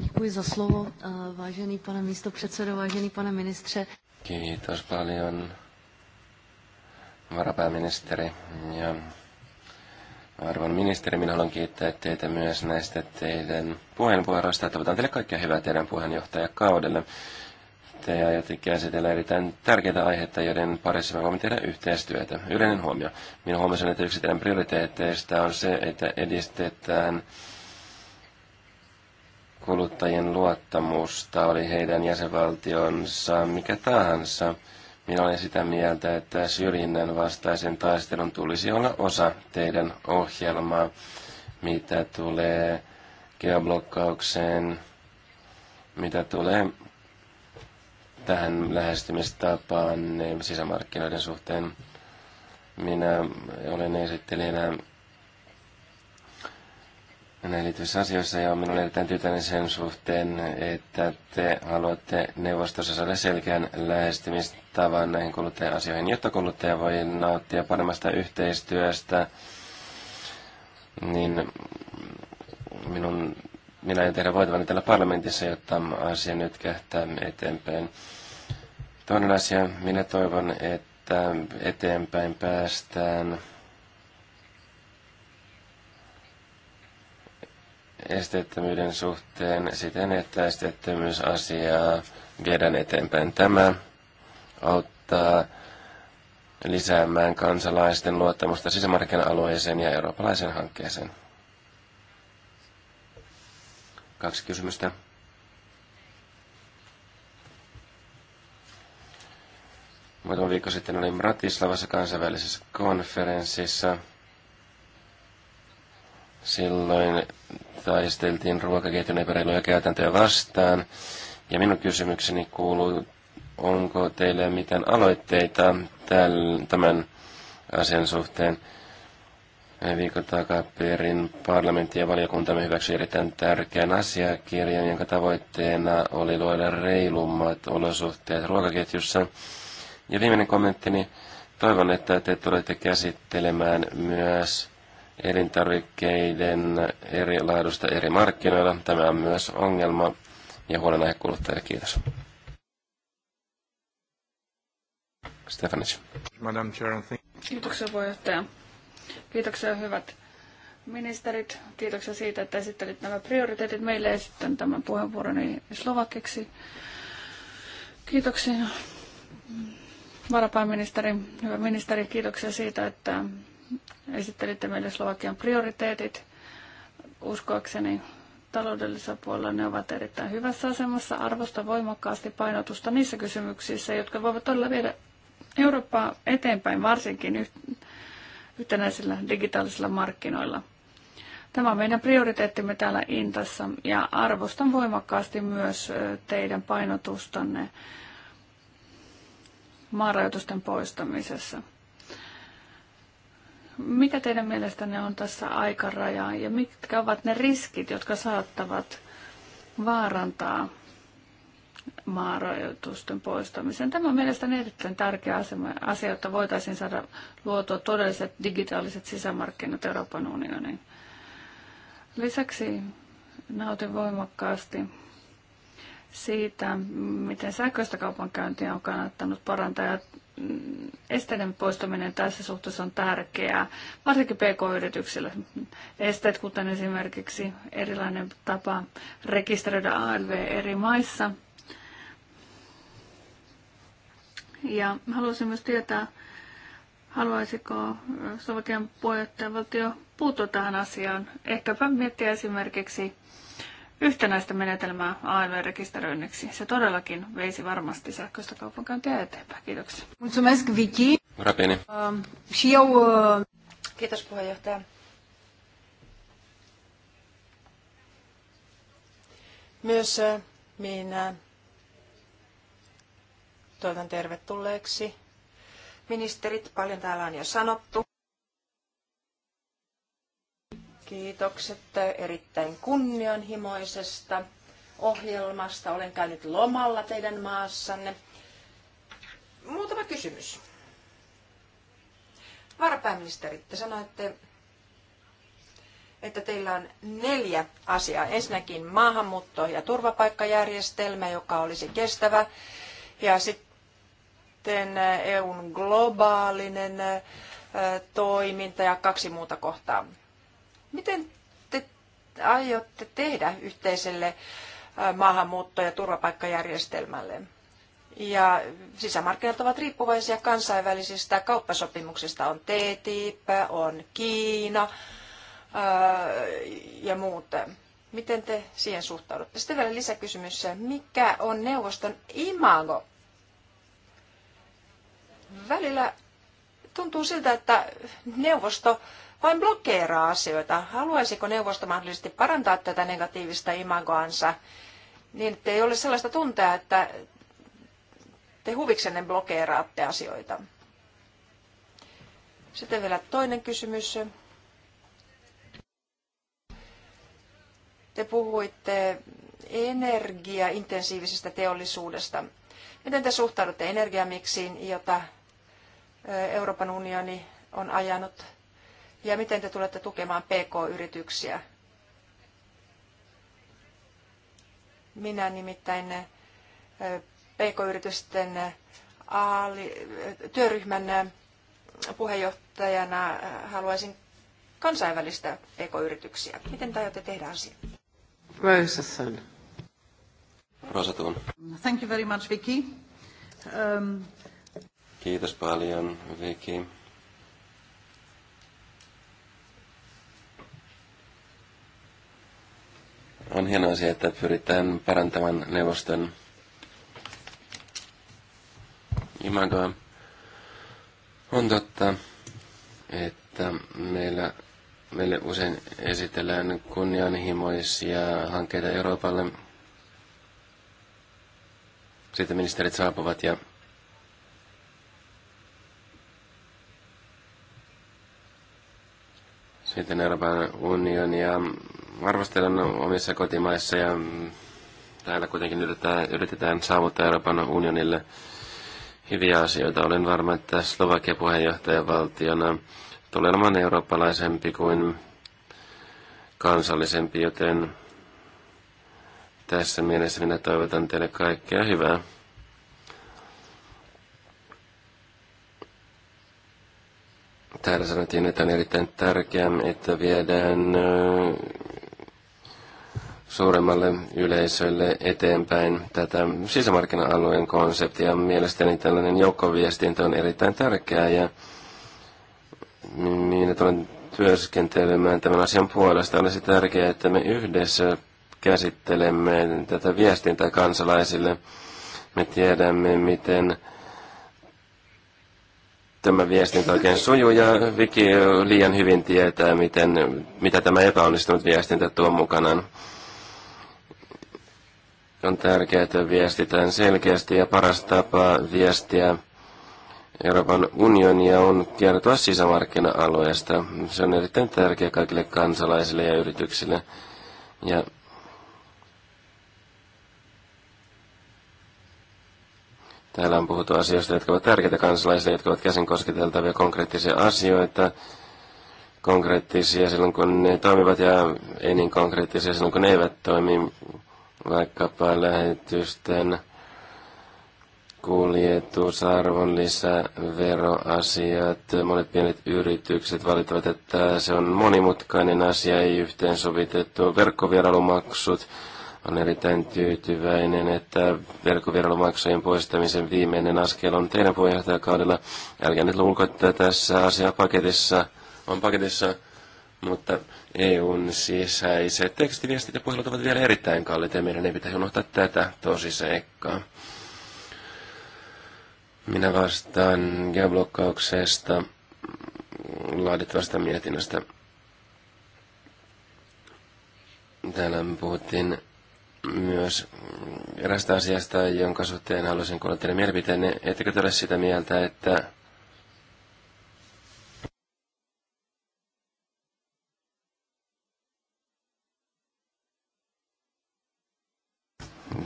Děkuji za slovo, eh, vážený pane místo předsedo, vážený pane ministře.
Kiitos paljon, varapääministeri ja Arvon ministeri, minä haluan kiittää teitä myös näistä teidän puheenvuoroista. Toivotan teille kaikkia hyvää teidän puheenjohtajakaudelle. Te aiotte käsitellä erittäin tärkeitä aiheita, joiden parissa me voimme tehdä yhteistyötä. Yleinen huomio. Minun huomasin, että yksi teidän prioriteetteista on se, että edistetään kuluttajien luottamusta, oli heidän jäsenvaltionsa mikä tahansa. Minä olen sitä mieltä, että syrjinnän vastaisen taistelun tulisi olla osa teidän ohjelmaa, mitä tulee geoblokkaukseen, mitä tulee tähän lähestymistapaan niin sisämarkkinoiden suhteen. Minä olen esittelijänä näihin liittyvissä asioissa ja minun erittäin tyytyväinen sen suhteen, että te haluatte neuvostossa saada selkeän lähestymistavan näihin kuluttajan asioihin jotta kuluttaja voi nauttia paremmasta yhteistyöstä, niin minun, minä en tehdä voitavani täällä parlamentissa, jotta asia nyt kähtää eteenpäin. Toinen asia, minä toivon, että eteenpäin päästään – esteettömyyden suhteen siten, että esteettömyysasiaa viedään eteenpäin. Tämä auttaa lisäämään kansalaisten luottamusta sisämarkkina-alueeseen ja eurooppalaisen hankkeeseen. Kaksi kysymystä. Muutama viikko sitten olin Bratislavassa kansainvälisessä konferenssissa – Silloin taisteltiin ruokaketjun epäreiluja käytäntöjä vastaan. Ja minun kysymykseni kuuluu, onko teillä mitään aloitteita tämän asian suhteen? Viikon takaperin parlamentti ja valiokuntamme hyväksyi erittäin tärkeän asiakirjan, jonka tavoitteena oli luoda reilummat olosuhteet ruokaketjussa. Ja viimeinen kommenttini. Toivon, että te tulette käsittelemään myös elintarvikkeiden eri laadusta eri markkinoilla. Tämä on myös ongelma ja huolenaihe kuluttajille. Kiitos. Stefanic. Madam Chair,
Kiitoksia puheenjohtaja. Kiitoksia hyvät ministerit. Kiitoksia siitä, että esittelit nämä prioriteetit meille ja sitten tämän puheenvuoroni slovakiksi. Kiitoksia varapääministeri, hyvä ministeri, kiitoksia siitä, että Esittelitte meille Slovakian prioriteetit. Uskoakseni taloudellisella puolella ne ovat erittäin hyvässä asemassa. Arvosta voimakkaasti painotusta niissä kysymyksissä, jotka voivat todella viedä Eurooppaa eteenpäin, varsinkin yhtenäisillä digitaalisilla markkinoilla. Tämä on meidän prioriteettimme täällä Intassa ja arvostan voimakkaasti myös teidän painotustanne maarajoitusten poistamisessa. Mikä teidän mielestänne on tässä aikaraja ja mitkä ovat ne riskit, jotka saattavat vaarantaa maarajoitusten poistamisen? Tämä on mielestäni erittäin tärkeä asia, jotta voitaisiin saada luotua todelliset digitaaliset sisämarkkinat Euroopan unioniin. Lisäksi nautin voimakkaasti siitä, miten sähköistä kaupankäyntiä on kannattanut parantaa ja esteiden poistuminen tässä suhteessa on tärkeää, varsinkin pk-yrityksille. Esteet, kuten esimerkiksi erilainen tapa rekisteröidä ALV eri maissa. Ja haluaisin myös tietää, haluaisiko Slovakian puheenjohtajavaltio puuttua tähän asiaan. Ehkäpä miettiä esimerkiksi yhtenäistä menetelmää ALV-rekisteröinniksi. Se todellakin veisi varmasti sähköistä kaupankäyntiä eteenpäin. Kiitoksia.
Mulțumesc, Viki. Um, Rapini. Uh, Kiitos, puheenjohtaja. Myös uh, minä toivotan tervetulleeksi ministerit. Paljon täällä on jo sanottu. Kiitokset erittäin kunnianhimoisesta ohjelmasta. Olen käynyt lomalla teidän maassanne. Muutama kysymys. Varapääministeri, te sanoitte, että teillä on neljä asiaa. Ensinnäkin maahanmuutto- ja turvapaikkajärjestelmä, joka olisi kestävä. Ja sitten EUn globaalinen toiminta ja kaksi muuta kohtaa. Miten te aiotte tehdä yhteiselle maahanmuutto- ja turvapaikkajärjestelmälle? Ja sisämarkkinat ovat riippuvaisia kansainvälisistä kauppasopimuksista. On TTIP, on Kiina ja muut. Miten te siihen suhtaudutte? Sitten vielä lisäkysymys. Mikä on neuvoston imago? Välillä tuntuu siltä, että neuvosto vain blokkeeraa asioita. Haluaisiko neuvosto mahdollisesti parantaa tätä negatiivista imagoansa niin, että ei ole sellaista tuntea, että te huviksenne blokeeraatte asioita? Sitten vielä toinen kysymys. Te puhuitte energiaintensiivisestä teollisuudesta. Miten te suhtaudutte energiamiksiin, jota Euroopan unioni on ajanut ja miten te tulette tukemaan PK-yrityksiä? Minä nimittäin eh, PK-yritysten eh, eh, työryhmän puheenjohtajana haluaisin kansainvälistä PK-yrityksiä. Miten te aiotte tehdä asiaa?
Rosathon. Rosathon.
Thank you very
much, Vicky. Um...
Kiitos paljon, Vicky. On hieno asia, että pyritään parantamaan neuvoston imagoa. On totta, että meillä, meille usein esitellään kunnianhimoisia hankkeita Euroopalle. Sitten ministerit saapuvat ja sitten Euroopan unionia arvostelen omissa kotimaissa ja mm, täällä kuitenkin yritetään, yritetään saavuttaa Euroopan unionille hyviä asioita. Olen varma, että Slovakia puheenjohtajavaltiona tulee olemaan eurooppalaisempi kuin kansallisempi, joten tässä mielessä minä toivotan teille kaikkea hyvää. Täällä sanottiin, että on erittäin tärkeää, että viedään suuremmalle yleisölle eteenpäin tätä sisämarkkina-alueen konseptia. Mielestäni tällainen joukkoviestintä on erittäin tärkeää ja niin, että olen työskentelemään tämän asian puolesta. Olisi tärkeää, että me yhdessä käsittelemme tätä viestintää kansalaisille. Me tiedämme, miten tämä viestintä oikein sujuu ja Viki liian hyvin tietää, miten, mitä tämä epäonnistunut viestintä tuo mukanaan. On tärkeää, että viestitään selkeästi ja paras tapa viestiä Euroopan unionia on kertoa sisämarkkina-alueesta. Se on erittäin tärkeä kaikille kansalaisille ja yrityksille. Ja Täällä on puhuttu asioista, jotka ovat tärkeitä kansalaisille, jotka ovat käsin kosketeltavia konkreettisia asioita. Konkreettisia silloin, kun ne toimivat ja ei niin konkreettisia silloin, kun ne eivät toimi vaikkapa lähetysten kuljetus, veroasiat, monet pienet yritykset valitavat, että se on monimutkainen asia, ei yhteensovitettu. Verkkovierailumaksut on erittäin tyytyväinen, että verkkovierailumaksujen poistamisen viimeinen askel on teidän puheenjohtajakaudella. Älkää nyt luulko, että tässä asiapaketissa on paketissa, mutta EUn sisäiset tekstiviestit ja puhelut ovat vielä erittäin kalliita ja meidän ei pitäisi unohtaa tätä tosi seikkaa. Minä vastaan geoblokkauksesta laadittavasta mietinnöstä. Täällä puhuttiin myös erästä asiasta, jonka suhteen haluaisin kuulla teidän mielipiteenne. Ettekö te ole sitä mieltä, että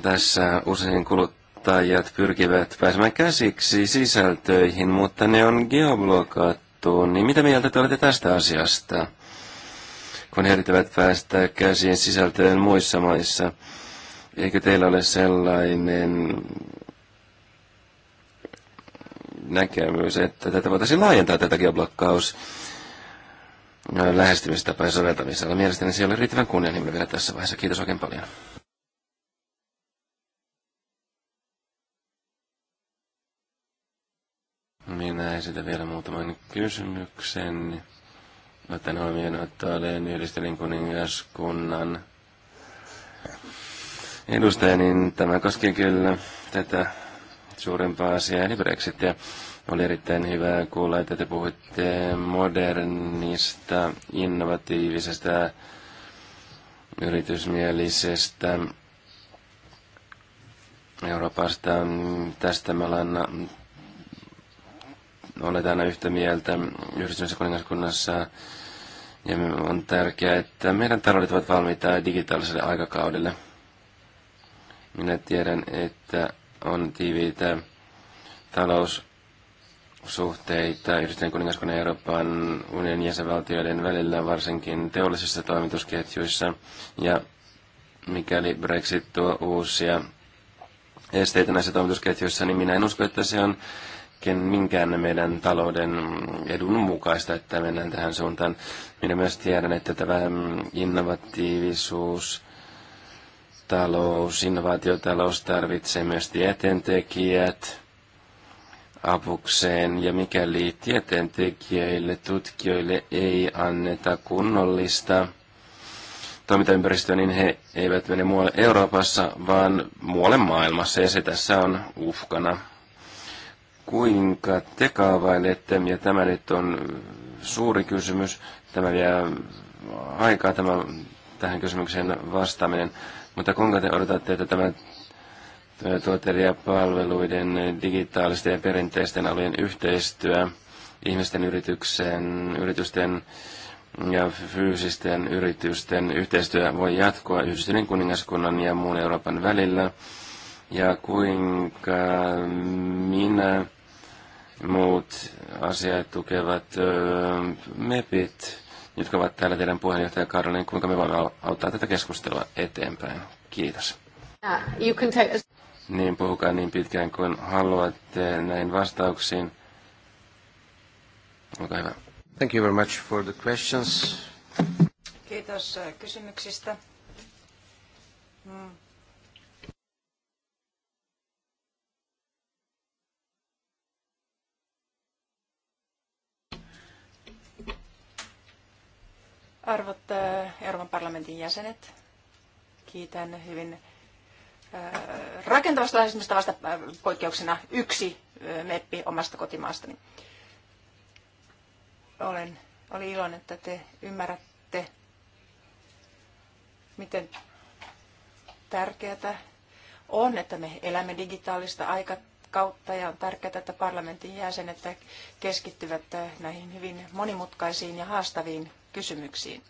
Tässä usein kuluttajat pyrkivät pääsemään käsiksi sisältöihin, mutta ne on geoblokattu. Niin mitä mieltä te olette tästä asiasta, kun he yrittävät päästä käsiin sisältöön muissa maissa? Eikö teillä ole sellainen näkemys, että tätä voitaisiin laajentaa tätä geoblokkaus ja soveltamisella. Mielestäni se ei ole riittävän kunnianhimoinen vielä tässä vaiheessa. Kiitos oikein paljon. Minä esitän vielä muutaman kysymyksen. Otan huomioon, että olen yhdistelin kuningaskunnan edustaja, niin tämä koski kyllä tätä suurempaa asiaa, eli Brexitia. Oli erittäin hyvä kuulla, että te puhuitte modernista, innovatiivisesta, yritysmielisestä Euroopasta. Tästä me ollaan olet aina yhtä mieltä yhdistyneessä kuningaskunnassa. Ja on tärkeää, että meidän taloudet ovat valmiita digitaaliselle aikakaudelle. Minä tiedän, että on tiiviitä taloussuhteita Yhdistyneen kuningaskunnan Euroopan unionin jäsenvaltioiden välillä, varsinkin teollisissa toimitusketjuissa. Ja mikäli Brexit tuo uusia esteitä näissä toimitusketjuissa, niin minä en usko, että se on ken, minkään meidän talouden edun mukaista, että mennään tähän suuntaan. Minä myös tiedän, että tämä innovatiivisuus, talous, innovaatiotalous tarvitsee myös tieteentekijät apukseen, ja mikäli tieteentekijöille, tutkijoille ei anneta kunnollista toimintaympäristöä, niin he eivät mene muualle Euroopassa, vaan muualle maailmassa, ja se tässä on uhkana kuinka te kaavailette, ja tämä nyt on suuri kysymys, tämä vie aikaa tämä, tähän kysymykseen vastaaminen, mutta kuinka te odotatte, että tämä tuotteiden ja palveluiden digitaalisten ja perinteisten alojen yhteistyö ihmisten yrityksen, yritysten ja fyysisten yritysten yhteistyö voi jatkua Yhdistyneen kuningaskunnan ja muun Euroopan välillä. Ja kuinka minä muut asiaa tukevat MEPit, jotka ovat täällä teidän puheenjohtaja Karolin, kuinka me voimme auttaa tätä keskustelua eteenpäin. Kiitos. Uh, you can take... Niin, puhukaa niin pitkään kuin haluatte näin vastauksiin. Olkaa hyvä. Thank you very much for the questions.
Kiitos kysymyksistä. Mm Arvot äh, Euroopan parlamentin jäsenet, kiitän hyvin äh, rakentavasta lähestymistä vasta äh, poikkeuksena yksi meppi omasta kotimaastani. Olen, oli iloinen, että te ymmärrätte, miten tärkeää on, että me elämme digitaalista aikakautta ja on tärkeää, että parlamentin jäsenet keskittyvät näihin hyvin monimutkaisiin ja haastaviin kysymyksiin.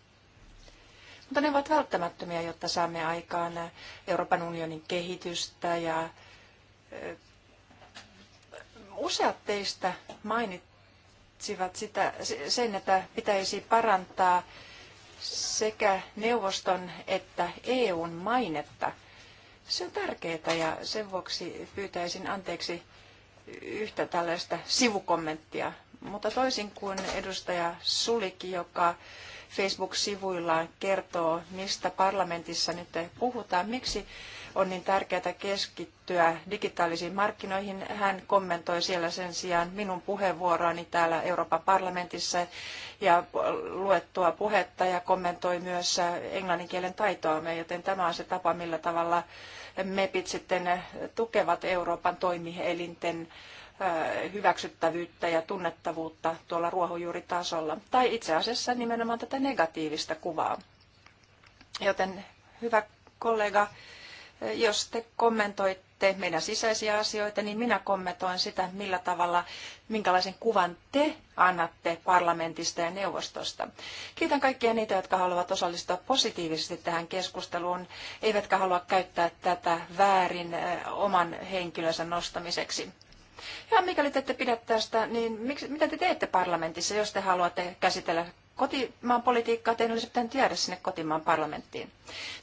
Mutta ne ovat välttämättömiä, jotta saamme aikaan Euroopan unionin kehitystä ja useat teistä mainitsivat sitä, sen, että pitäisi parantaa sekä neuvoston että EUn mainetta. Se on tärkeää ja sen vuoksi pyytäisin anteeksi yhtä tällaista sivukommenttia, mutta toisin kuin edustaja Sulikki, joka Facebook-sivuillaan kertoo, mistä parlamentissa nyt puhutaan, miksi on niin tärkeää keskittyä digitaalisiin markkinoihin. Hän kommentoi siellä sen sijaan minun puheenvuoroani täällä Euroopan parlamentissa ja luettua puhetta ja kommentoi myös englannin kielen taitoamme, joten tämä on se tapa, millä tavalla MEPit sitten tukevat Euroopan toimielinten hyväksyttävyyttä ja tunnettavuutta tuolla ruohonjuuritasolla, tai itse asiassa nimenomaan tätä negatiivista kuvaa. Joten hyvä kollega, jos te kommentoitte meidän sisäisiä asioita, niin minä kommentoin sitä, millä tavalla, minkälaisen kuvan te annatte parlamentista ja neuvostosta. Kiitän kaikkia niitä, jotka haluavat osallistua positiivisesti tähän keskusteluun, eivätkä halua käyttää tätä väärin oman henkilönsä nostamiseksi. Ja mikäli te ette pidä tästä, niin miksi, mitä te teette parlamentissa, jos te haluatte käsitellä kotimaan politiikkaa, teidän olisi pitänyt jäädä sinne kotimaan parlamenttiin.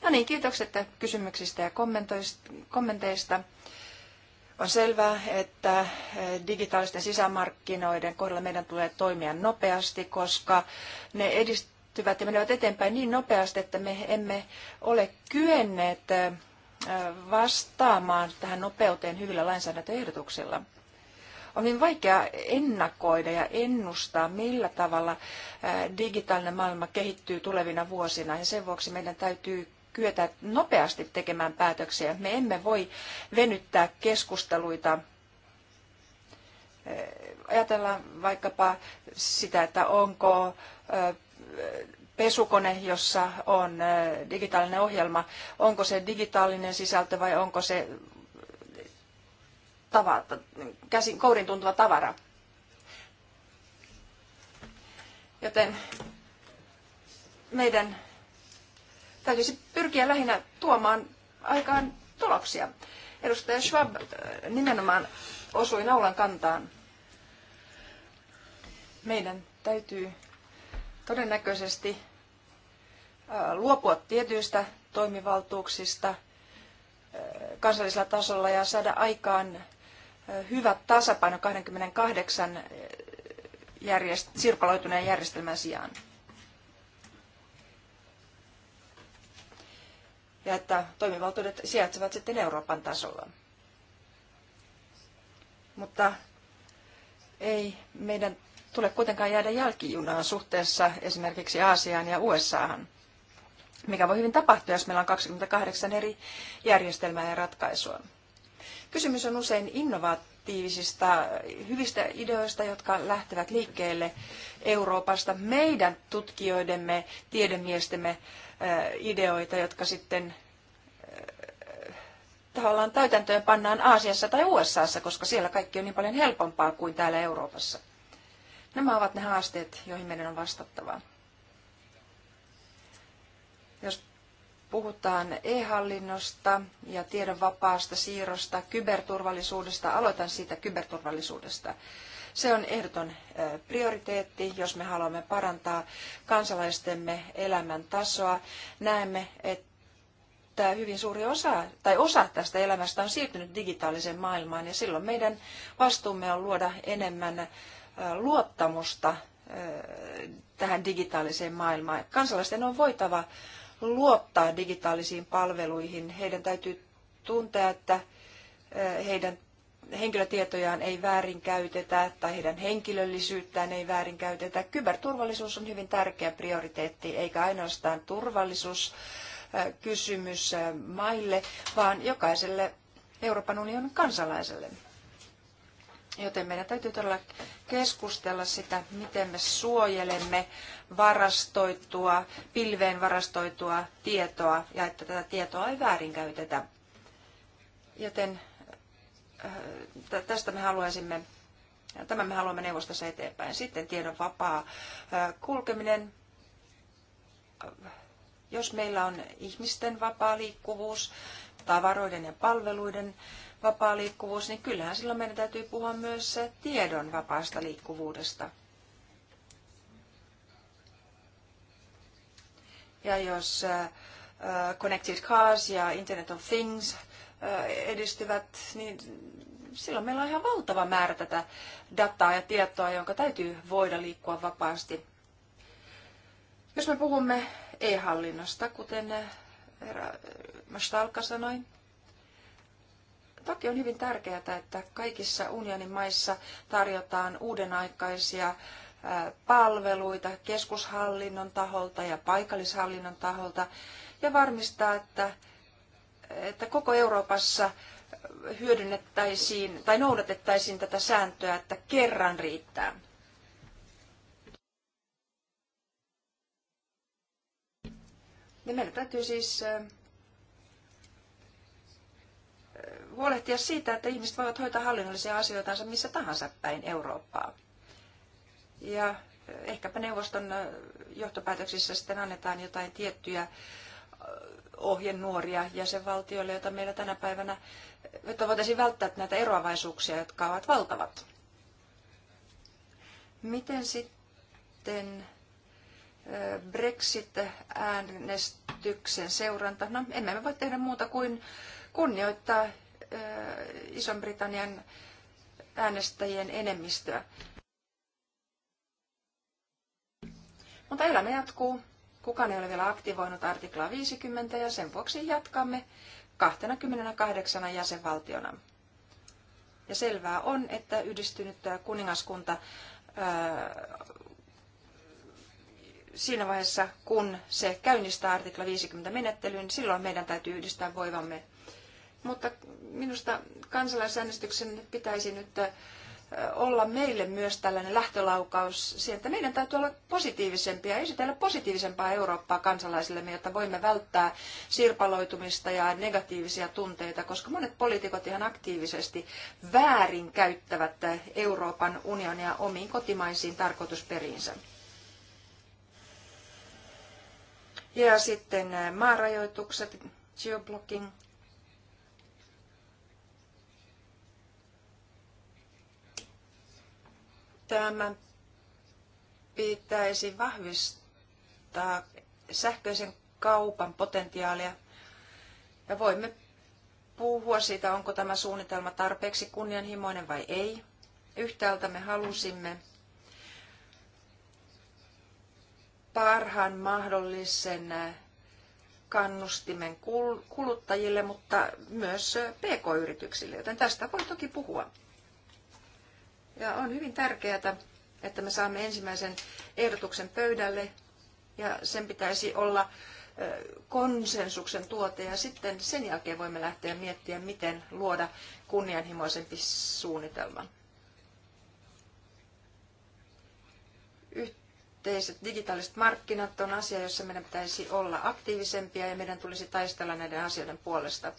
No niin, kiitokset kysymyksistä ja kommenteista. On selvää, että eh, digitaalisten sisämarkkinoiden kohdalla meidän tulee toimia nopeasti, koska ne edistyvät ja menevät eteenpäin niin nopeasti, että me emme ole kyenneet eh, vastaamaan tähän nopeuteen hyvillä lainsäädäntöehdotuksilla on hyvin vaikea ennakoida ja ennustaa, millä tavalla digitaalinen maailma kehittyy tulevina vuosina. Ja sen vuoksi meidän täytyy kyetä nopeasti tekemään päätöksiä. Me emme voi venyttää keskusteluita ajatellaan vaikkapa sitä, että onko pesukone, jossa on digitaalinen ohjelma, onko se digitaalinen sisältö vai onko se tava, käsin kourin tuntuva tavara. Joten meidän täytyisi pyrkiä lähinnä tuomaan aikaan tuloksia. Edustaja Schwab äh, nimenomaan osui naulan kantaan. Meidän täytyy todennäköisesti äh, luopua tietyistä toimivaltuuksista äh, kansallisella tasolla ja saada aikaan hyvä tasapaino 28 järjest- sirpaloituneen järjestelmän sijaan. Ja että toimivaltuudet sijaitsevat sitten Euroopan tasolla. Mutta ei meidän tule kuitenkaan jäädä jälkijunaan suhteessa esimerkiksi Aasiaan ja USAhan, mikä voi hyvin tapahtua, jos meillä on 28 eri järjestelmää ja ratkaisua. Kysymys on usein innovatiivisista hyvistä ideoista, jotka lähtevät liikkeelle Euroopasta. Meidän tutkijoidemme, tiedemiestemme eh, ideoita, jotka sitten eh, tavallaan täytäntöön pannaan Aasiassa tai USAssa, koska siellä kaikki on niin paljon helpompaa kuin täällä Euroopassa. Nämä ovat ne haasteet, joihin meidän on vastattava. Jos puhutaan e-hallinnosta ja tiedon vapaasta siirrosta, kyberturvallisuudesta. Aloitan siitä kyberturvallisuudesta. Se on ehdoton prioriteetti, jos me haluamme parantaa kansalaistemme elämäntasoa. Näemme, että hyvin suuri osa tai osa tästä elämästä on siirtynyt digitaaliseen maailmaan ja silloin meidän vastuumme on luoda enemmän luottamusta tähän digitaaliseen maailmaan. Kansalaisten on voitava luottaa digitaalisiin palveluihin. Heidän täytyy tuntea, että eh, heidän henkilötietojaan ei väärinkäytetä tai heidän henkilöllisyyttään ei väärinkäytetä. Kyberturvallisuus on hyvin tärkeä prioriteetti, eikä ainoastaan turvallisuuskysymys eh, eh, maille, vaan jokaiselle Euroopan unionin kansalaiselle. Joten meidän täytyy todella keskustella sitä, miten me suojelemme varastoitua, pilveen varastoitua tietoa ja että tätä tietoa ei väärinkäytetä. Joten äh, tästä me haluaisimme, tämän me haluamme neuvostossa eteenpäin. Sitten tiedon vapaa äh, kulkeminen. Äh, jos meillä on ihmisten vapaa liikkuvuus, tavaroiden ja palveluiden vapaa liikkuvuus, niin kyllähän silloin meidän täytyy puhua myös tiedon vapaasta liikkuvuudesta. Ja jos äh, Connected Cars ja Internet of Things äh, edistyvät, niin silloin meillä on ihan valtava määrä tätä dataa ja tietoa, jonka täytyy voida liikkua vapaasti. Jos me puhumme e-hallinnosta, kuten äh, herra Mastalka sanoi, Toki on hyvin tärkeää, että kaikissa unionin maissa tarjotaan uudenaikaisia palveluita keskushallinnon taholta ja paikallishallinnon taholta ja varmistaa, että, että koko Euroopassa hyödynnettäisiin tai noudatettaisiin tätä sääntöä, että kerran riittää. Ja meidän täytyy siis huolehtia siitä, että ihmiset voivat hoitaa hallinnollisia asioitansa missä tahansa päin Eurooppaa. Ja eh, ehkäpä neuvoston eh, johtopäätöksissä sitten annetaan jotain tiettyjä eh, ohjenuoria jäsenvaltioille, joita meillä tänä päivänä, jotta voitaisiin välttää näitä eroavaisuuksia, jotka ovat valtavat. Miten sitten Brexit-äänestyksen seuranta? No, emme me voi tehdä muuta kuin kunnioittaa Ison-Britannian äänestäjien enemmistöä. Mutta elämä jatkuu. Kukaan ei ole vielä aktivoinut artiklaa 50 ja sen vuoksi jatkamme 28 jäsenvaltiona. Ja selvää on, että yhdistynyt kuningaskunta siinä vaiheessa, kun se käynnistää artikla 50 menettelyn, silloin meidän täytyy yhdistää voivamme mutta minusta kansalaisäänestyksen pitäisi nyt olla meille myös tällainen lähtölaukaus sieltä. Meidän täytyy olla positiivisempia, esitellä positiivisempaa Eurooppaa kansalaisillemme, jotta voimme välttää sirpaloitumista ja negatiivisia tunteita, koska monet poliitikot ihan aktiivisesti väärin käyttävät Euroopan unionia omiin kotimaisiin tarkoitusperiinsä. Ja sitten maarajoitukset, geoblocking, Tämän pitäisi vahvistaa sähköisen kaupan potentiaalia ja voimme puhua siitä, onko tämä suunnitelma tarpeeksi kunnianhimoinen vai ei. Yhtäältä me halusimme parhaan mahdollisen kannustimen kuluttajille, mutta myös pk-yrityksille, joten tästä voi toki puhua. Ja on hyvin tärkeää, että me saamme ensimmäisen ehdotuksen pöydälle ja sen pitäisi olla konsensuksen tuote ja sitten sen jälkeen voimme lähteä miettiä, miten luoda kunnianhimoisempi suunnitelma. Yhteiset digitaaliset markkinat on asia, jossa meidän pitäisi olla aktiivisempia ja meidän tulisi taistella näiden asioiden puolesta,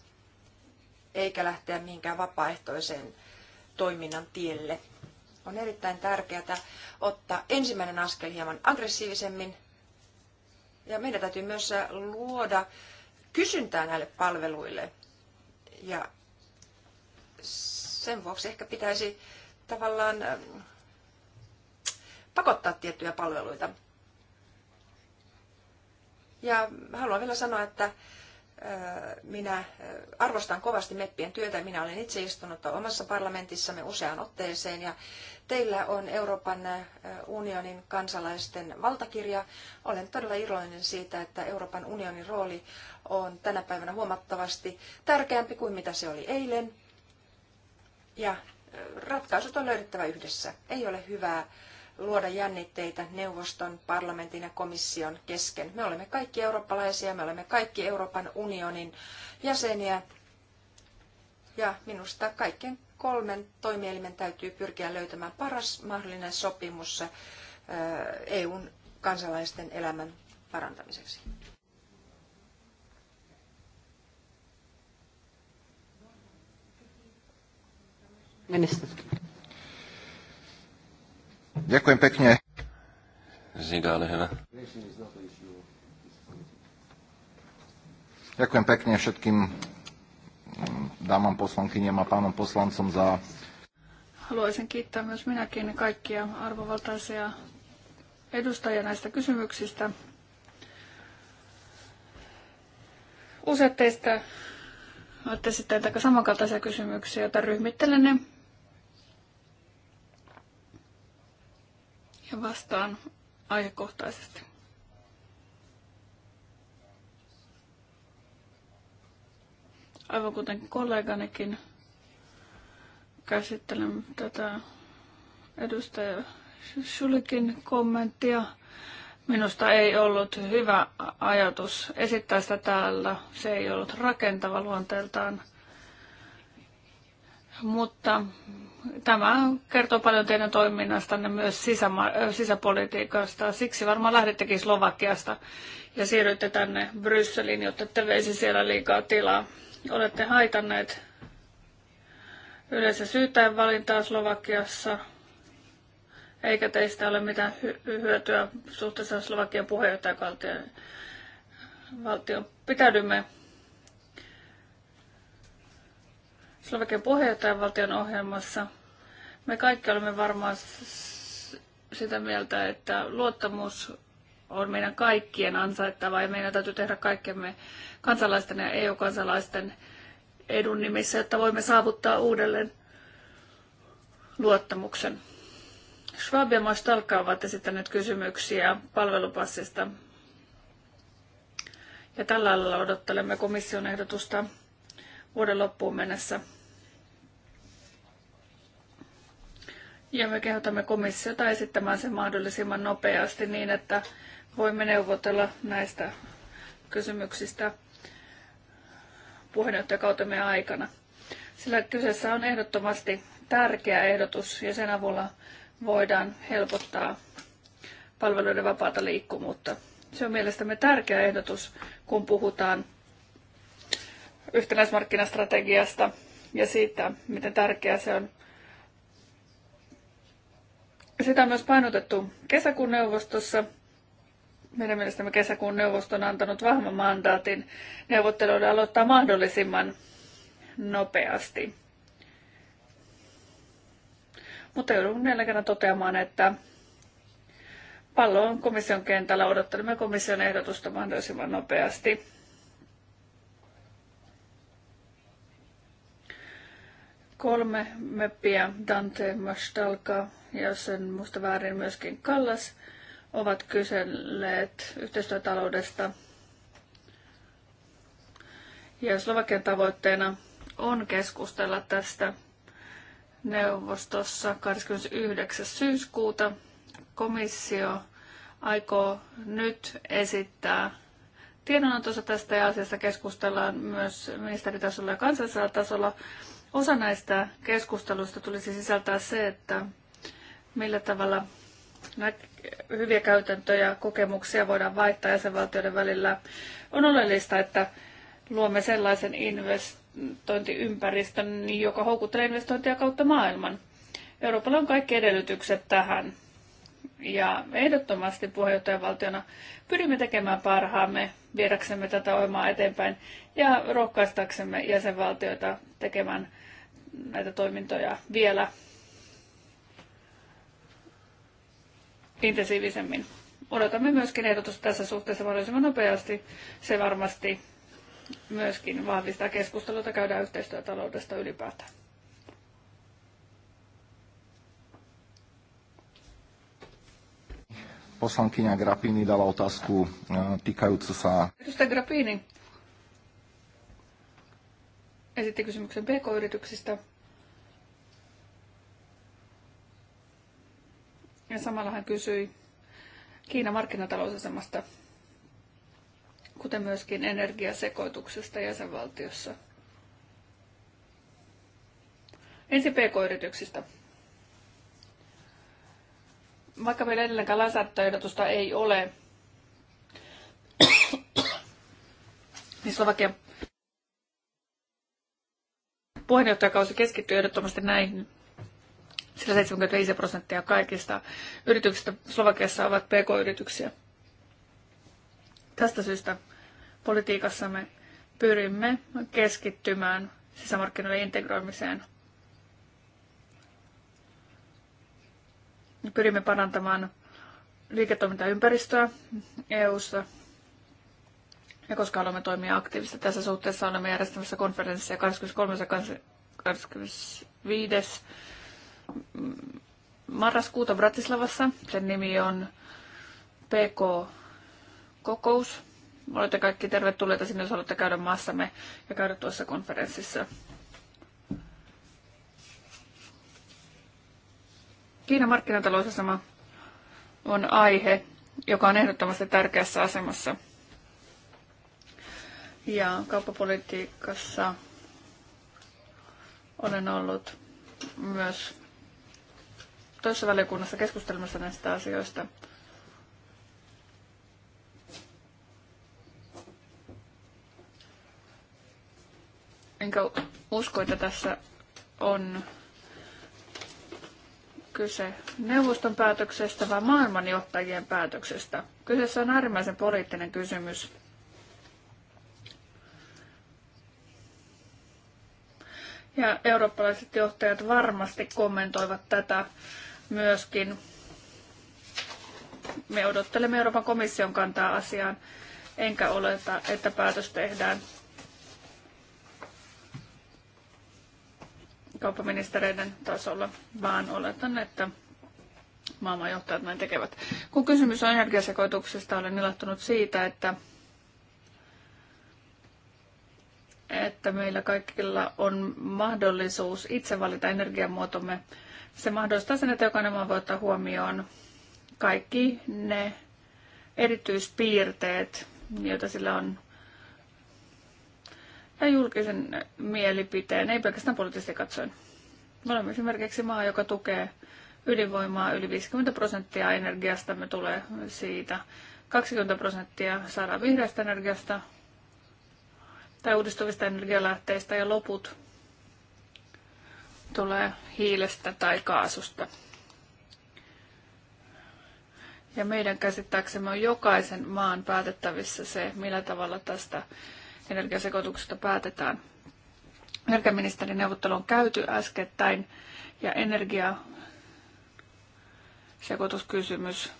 eikä lähteä mihinkään vapaaehtoiseen toiminnan tielle. On erittäin tärkeää ottaa ensimmäinen askel hieman aggressiivisemmin. Ja meidän täytyy myös luoda kysyntää näille palveluille. Ja sen vuoksi ehkä pitäisi tavallaan ähm, pakottaa tiettyjä palveluita. Ja haluan vielä sanoa, että minä arvostan kovasti meppien työtä. Minä olen itse istunut omassa parlamentissamme useaan otteeseen ja teillä on Euroopan unionin kansalaisten valtakirja. Olen todella iloinen siitä, että Euroopan unionin rooli on tänä päivänä huomattavasti tärkeämpi kuin mitä se oli eilen. Ja ratkaisut on löydettävä yhdessä. Ei ole hyvää luoda jännitteitä neuvoston, parlamentin ja komission kesken. Me olemme kaikki eurooppalaisia, me olemme kaikki Euroopan unionin jäseniä ja minusta kaikkien kolmen toimielimen täytyy pyrkiä löytämään paras mahdollinen sopimus EUn kansalaisten elämän parantamiseksi.
Minister. Ďakujem pekne. Ziga, ale Ďakujem pekne všetkým mm, dámam poslankyniam a pánom poslancom za...
Haluaisin kiittää myös minäkin kaikkia arvovaltaisia edustajia näistä kysymyksistä. Useat teistä olette sitten aika samankaltaisia kysymyksiä, joita ryhmittelen ne ja vastaan aihekohtaisesti. Aivan kuten kolleganikin käsittelen tätä edustaja Shulikin kommenttia. Minusta ei ollut hyvä ajatus esittää sitä täällä. Se ei ollut rakentava luonteeltaan. Mutta tämä kertoo paljon teidän toiminnastanne myös sisäma- sisäpolitiikasta. Siksi varmaan lähdettekin Slovakiasta ja siirrytte tänne Brysseliin, jotta te veisi siellä liikaa tilaa. Olette haitanneet yleensä syytäen valintaa Slovakiassa, eikä teistä ole mitään hyötyä suhteessa Slovakian puheenjohtajavaltioon. valtion Pitäydymme Slovakian puheenjohtajavaltion ohjelmassa. Me kaikki olemme varmaan sitä mieltä, että luottamus on meidän kaikkien ansaittava ja meidän täytyy tehdä kaikkemme kansalaisten ja EU-kansalaisten edun nimissä, jotta voimme saavuttaa uudelleen luottamuksen. Schwab ja Mastalka ovat esittäneet kysymyksiä palvelupassista. Ja tällä lailla odottelemme komission ehdotusta vuoden loppuun mennessä. Ja me kehotamme komissiota esittämään sen mahdollisimman nopeasti niin, että voimme neuvotella näistä kysymyksistä puheenjohtajakautemme aikana. Sillä kyseessä on ehdottomasti tärkeä ehdotus ja sen avulla voidaan helpottaa palveluiden vapaata liikkuvuutta. Se on mielestämme tärkeä ehdotus, kun puhutaan yhtenäismarkkinastrategiasta ja siitä, miten tärkeää se on sitä on myös painotettu kesäkuun neuvostossa. Meidän mielestämme kesäkuun neuvosto on antanut vahvan mandaatin neuvotteluiden aloittaa mahdollisimman nopeasti. Mutta joudun vielä toteamaan, että pallo on komission kentällä. Odottelemme komission ehdotusta mahdollisimman nopeasti. kolme möppiä, Dante Mastalka ja jos en muista väärin myöskin Kallas, ovat kyselleet yhteistyötaloudesta. Ja Slovakian tavoitteena on keskustella tästä neuvostossa 29. syyskuuta. Komissio aikoo nyt esittää tiedonantossa tästä ja asiasta keskustellaan myös ministeritasolla ja kansallisella tasolla. Osa näistä keskusteluista tulisi sisältää se, että millä tavalla hyviä käytäntöjä ja kokemuksia voidaan vaihtaa jäsenvaltioiden välillä. On oleellista, että luomme sellaisen investointiympäristön, joka houkuttelee investointia kautta maailman. Euroopalla on kaikki edellytykset tähän. Ja ehdottomasti puheenjohtajavaltiona pyrimme tekemään parhaamme, viedäksemme tätä ohjelmaa eteenpäin ja rohkaistaksemme jäsenvaltioita tekemään näitä toimintoja vielä intensiivisemmin. Odotamme myöskin ehdotusta tässä suhteessa mahdollisimman nopeasti. Se varmasti myöskin vahvistaa keskustelua, käydään yhteistyötaloudesta ylipäätään.
Poslankyňa Grapini dala otázku e, týkajúcu sa...
Edustaja Grapini esitti kysymyksen pk-yrityksistä. Ja samalla hän kysyi Kiinan markkinatalousasemasta, kuten myöskin energiasekoituksesta jäsenvaltiossa. Ensin pk-yrityksistä. Vaikka meillä edelleenkään lainsäädäntöehdotusta ei ole, niin Slovakian puheenjohtajakausi keskittyy ehdottomasti näihin, sillä 75 prosenttia kaikista yrityksistä Slovakiassa ovat pk-yrityksiä. Tästä syystä politiikassamme pyrimme keskittymään sisämarkkinoiden integroimiseen. Pyrimme parantamaan liiketoimintaympäristöä EU-ssa ja koska haluamme toimia aktiivisesti tässä suhteessa, olemme järjestämässä konferenssia 23. ja 25. marraskuuta Bratislavassa. Sen nimi on PK-kokous. Olette kaikki tervetulleita sinne, jos haluatte käydä maassamme ja käydä tuossa konferenssissa. Kiinan markkinatalous on aihe, joka on ehdottomasti tärkeässä asemassa ja kauppapolitiikassa olen ollut myös toisessa valiokunnassa keskustelmassa näistä asioista. Enkä usko, että tässä on kyse neuvoston päätöksestä, vaan maailmanjohtajien päätöksestä. Kyseessä on äärimmäisen poliittinen kysymys. Ja eurooppalaiset johtajat varmasti kommentoivat tätä myöskin. Me odottelemme Euroopan komission kantaa asiaan, enkä oleta, että päätös tehdään kauppaministereiden tasolla, vaan oletan, että maailmanjohtajat näin tekevät. Kun kysymys on energiasekoituksesta, olen ilahtunut siitä, että että meillä kaikilla on mahdollisuus itse valita energiamuotomme. Se mahdollistaa sen, että jokainen maa voi ottaa huomioon kaikki ne erityispiirteet, joita sillä on ja julkisen mielipiteen, ei pelkästään poliittisesti katsoen. Me olemme esimerkiksi maa, joka tukee ydinvoimaa. Yli 50 prosenttia me tulee siitä. 20 prosenttia saadaan vihreästä energiasta, tai uudistuvista energialähteistä ja loput tulee hiilestä tai kaasusta. Ja meidän käsittääksemme on jokaisen maan päätettävissä se, millä tavalla tästä energiasekoituksesta päätetään. neuvottelu on käyty äskettäin ja energia sekoituskysymys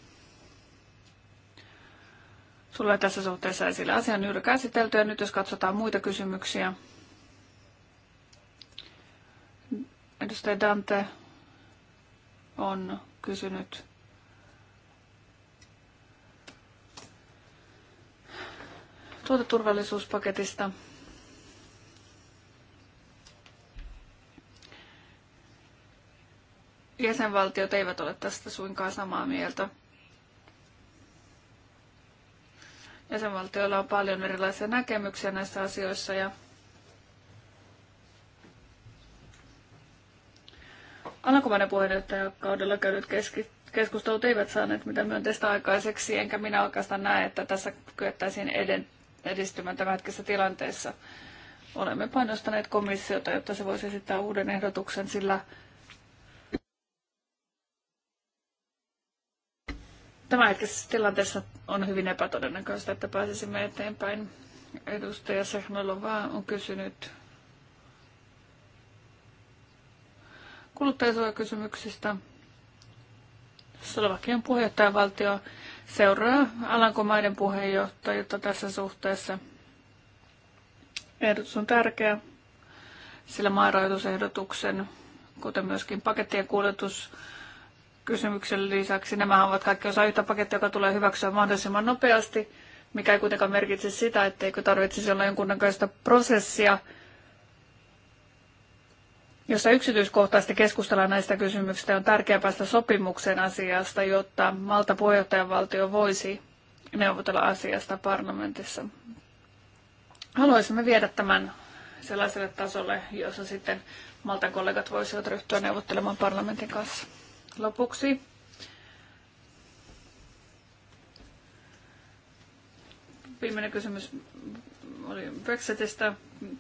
sulle tässä suhteessa esille. asian juuri käsitelty ja nyt jos katsotaan muita kysymyksiä. Edustaja Dante on kysynyt tuoteturvallisuuspaketista. Jäsenvaltiot eivät ole tästä suinkaan samaa mieltä. Jäsenvaltioilla on paljon erilaisia näkemyksiä näissä asioissa ja Alankomainen kaudella käydyt keskustelut eivät saaneet mitään myönteistä aikaiseksi, enkä minä oikeastaan näe, että tässä kyettäisiin eden- edistymään tämänhetkisessä tilanteessa. Olemme painostaneet komissiota, jotta se voisi esittää uuden ehdotuksen, sillä Tämä hetkessä tilanteessa on hyvin epätodennäköistä, että pääsisimme eteenpäin. Edustaja Sehnalova on kysynyt kuluttajasuojakysymyksistä. Slovakian puheenjohtajavaltio seuraa Alankomaiden puheenjohtajuutta tässä suhteessa. Ehdotus on tärkeä, sillä maarajoitusehdotuksen, kuten myöskin pakettien kuljetus, kysymyksen lisäksi. Nämä ovat kaikki osa yhtä pakettia, joka tulee hyväksyä mahdollisimman nopeasti, mikä ei kuitenkaan merkitse sitä, etteikö tarvitsisi olla jonkunnäköistä prosessia, jossa yksityiskohtaisesti keskustellaan näistä kysymyksistä. On tärkeää päästä sopimukseen asiasta, jotta Malta puheenjohtajavaltio voisi neuvotella asiasta parlamentissa. Haluaisimme viedä tämän sellaiselle tasolle, jossa sitten Maltan kollegat voisivat ryhtyä neuvottelemaan parlamentin kanssa. Lopuksi viimeinen kysymys oli Brexitistä.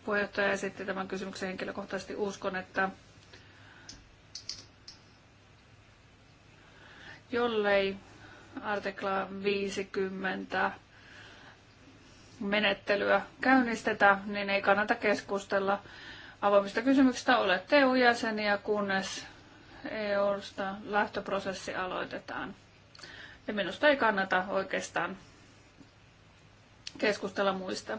Puheenjohtaja esitti tämän kysymyksen henkilökohtaisesti. Uskon, että jollei artikla 50 menettelyä käynnistetä, niin ei kannata keskustella avoimista kysymyksistä. Olette EU-jäseniä, kunnes EUsta lähtöprosessi aloitetaan. Ja minusta ei kannata oikeastaan keskustella muista.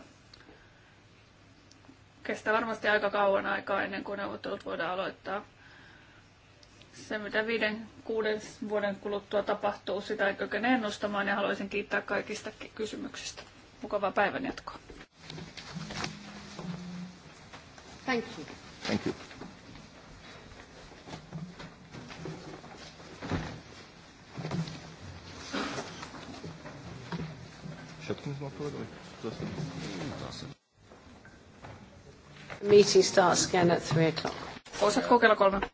Kestää varmasti aika kauan aikaa ennen kuin neuvottelut voidaan aloittaa. Se, mitä viiden, kuuden vuoden kuluttua tapahtuu, sitä ei kykene ennustamaan ja haluaisin kiittää kaikista kysymyksistä. Mukavaa päivänjatkoa.
Thank you.
Thank you. Meeting starts again at three o'clock. Osaatko
kello kolme?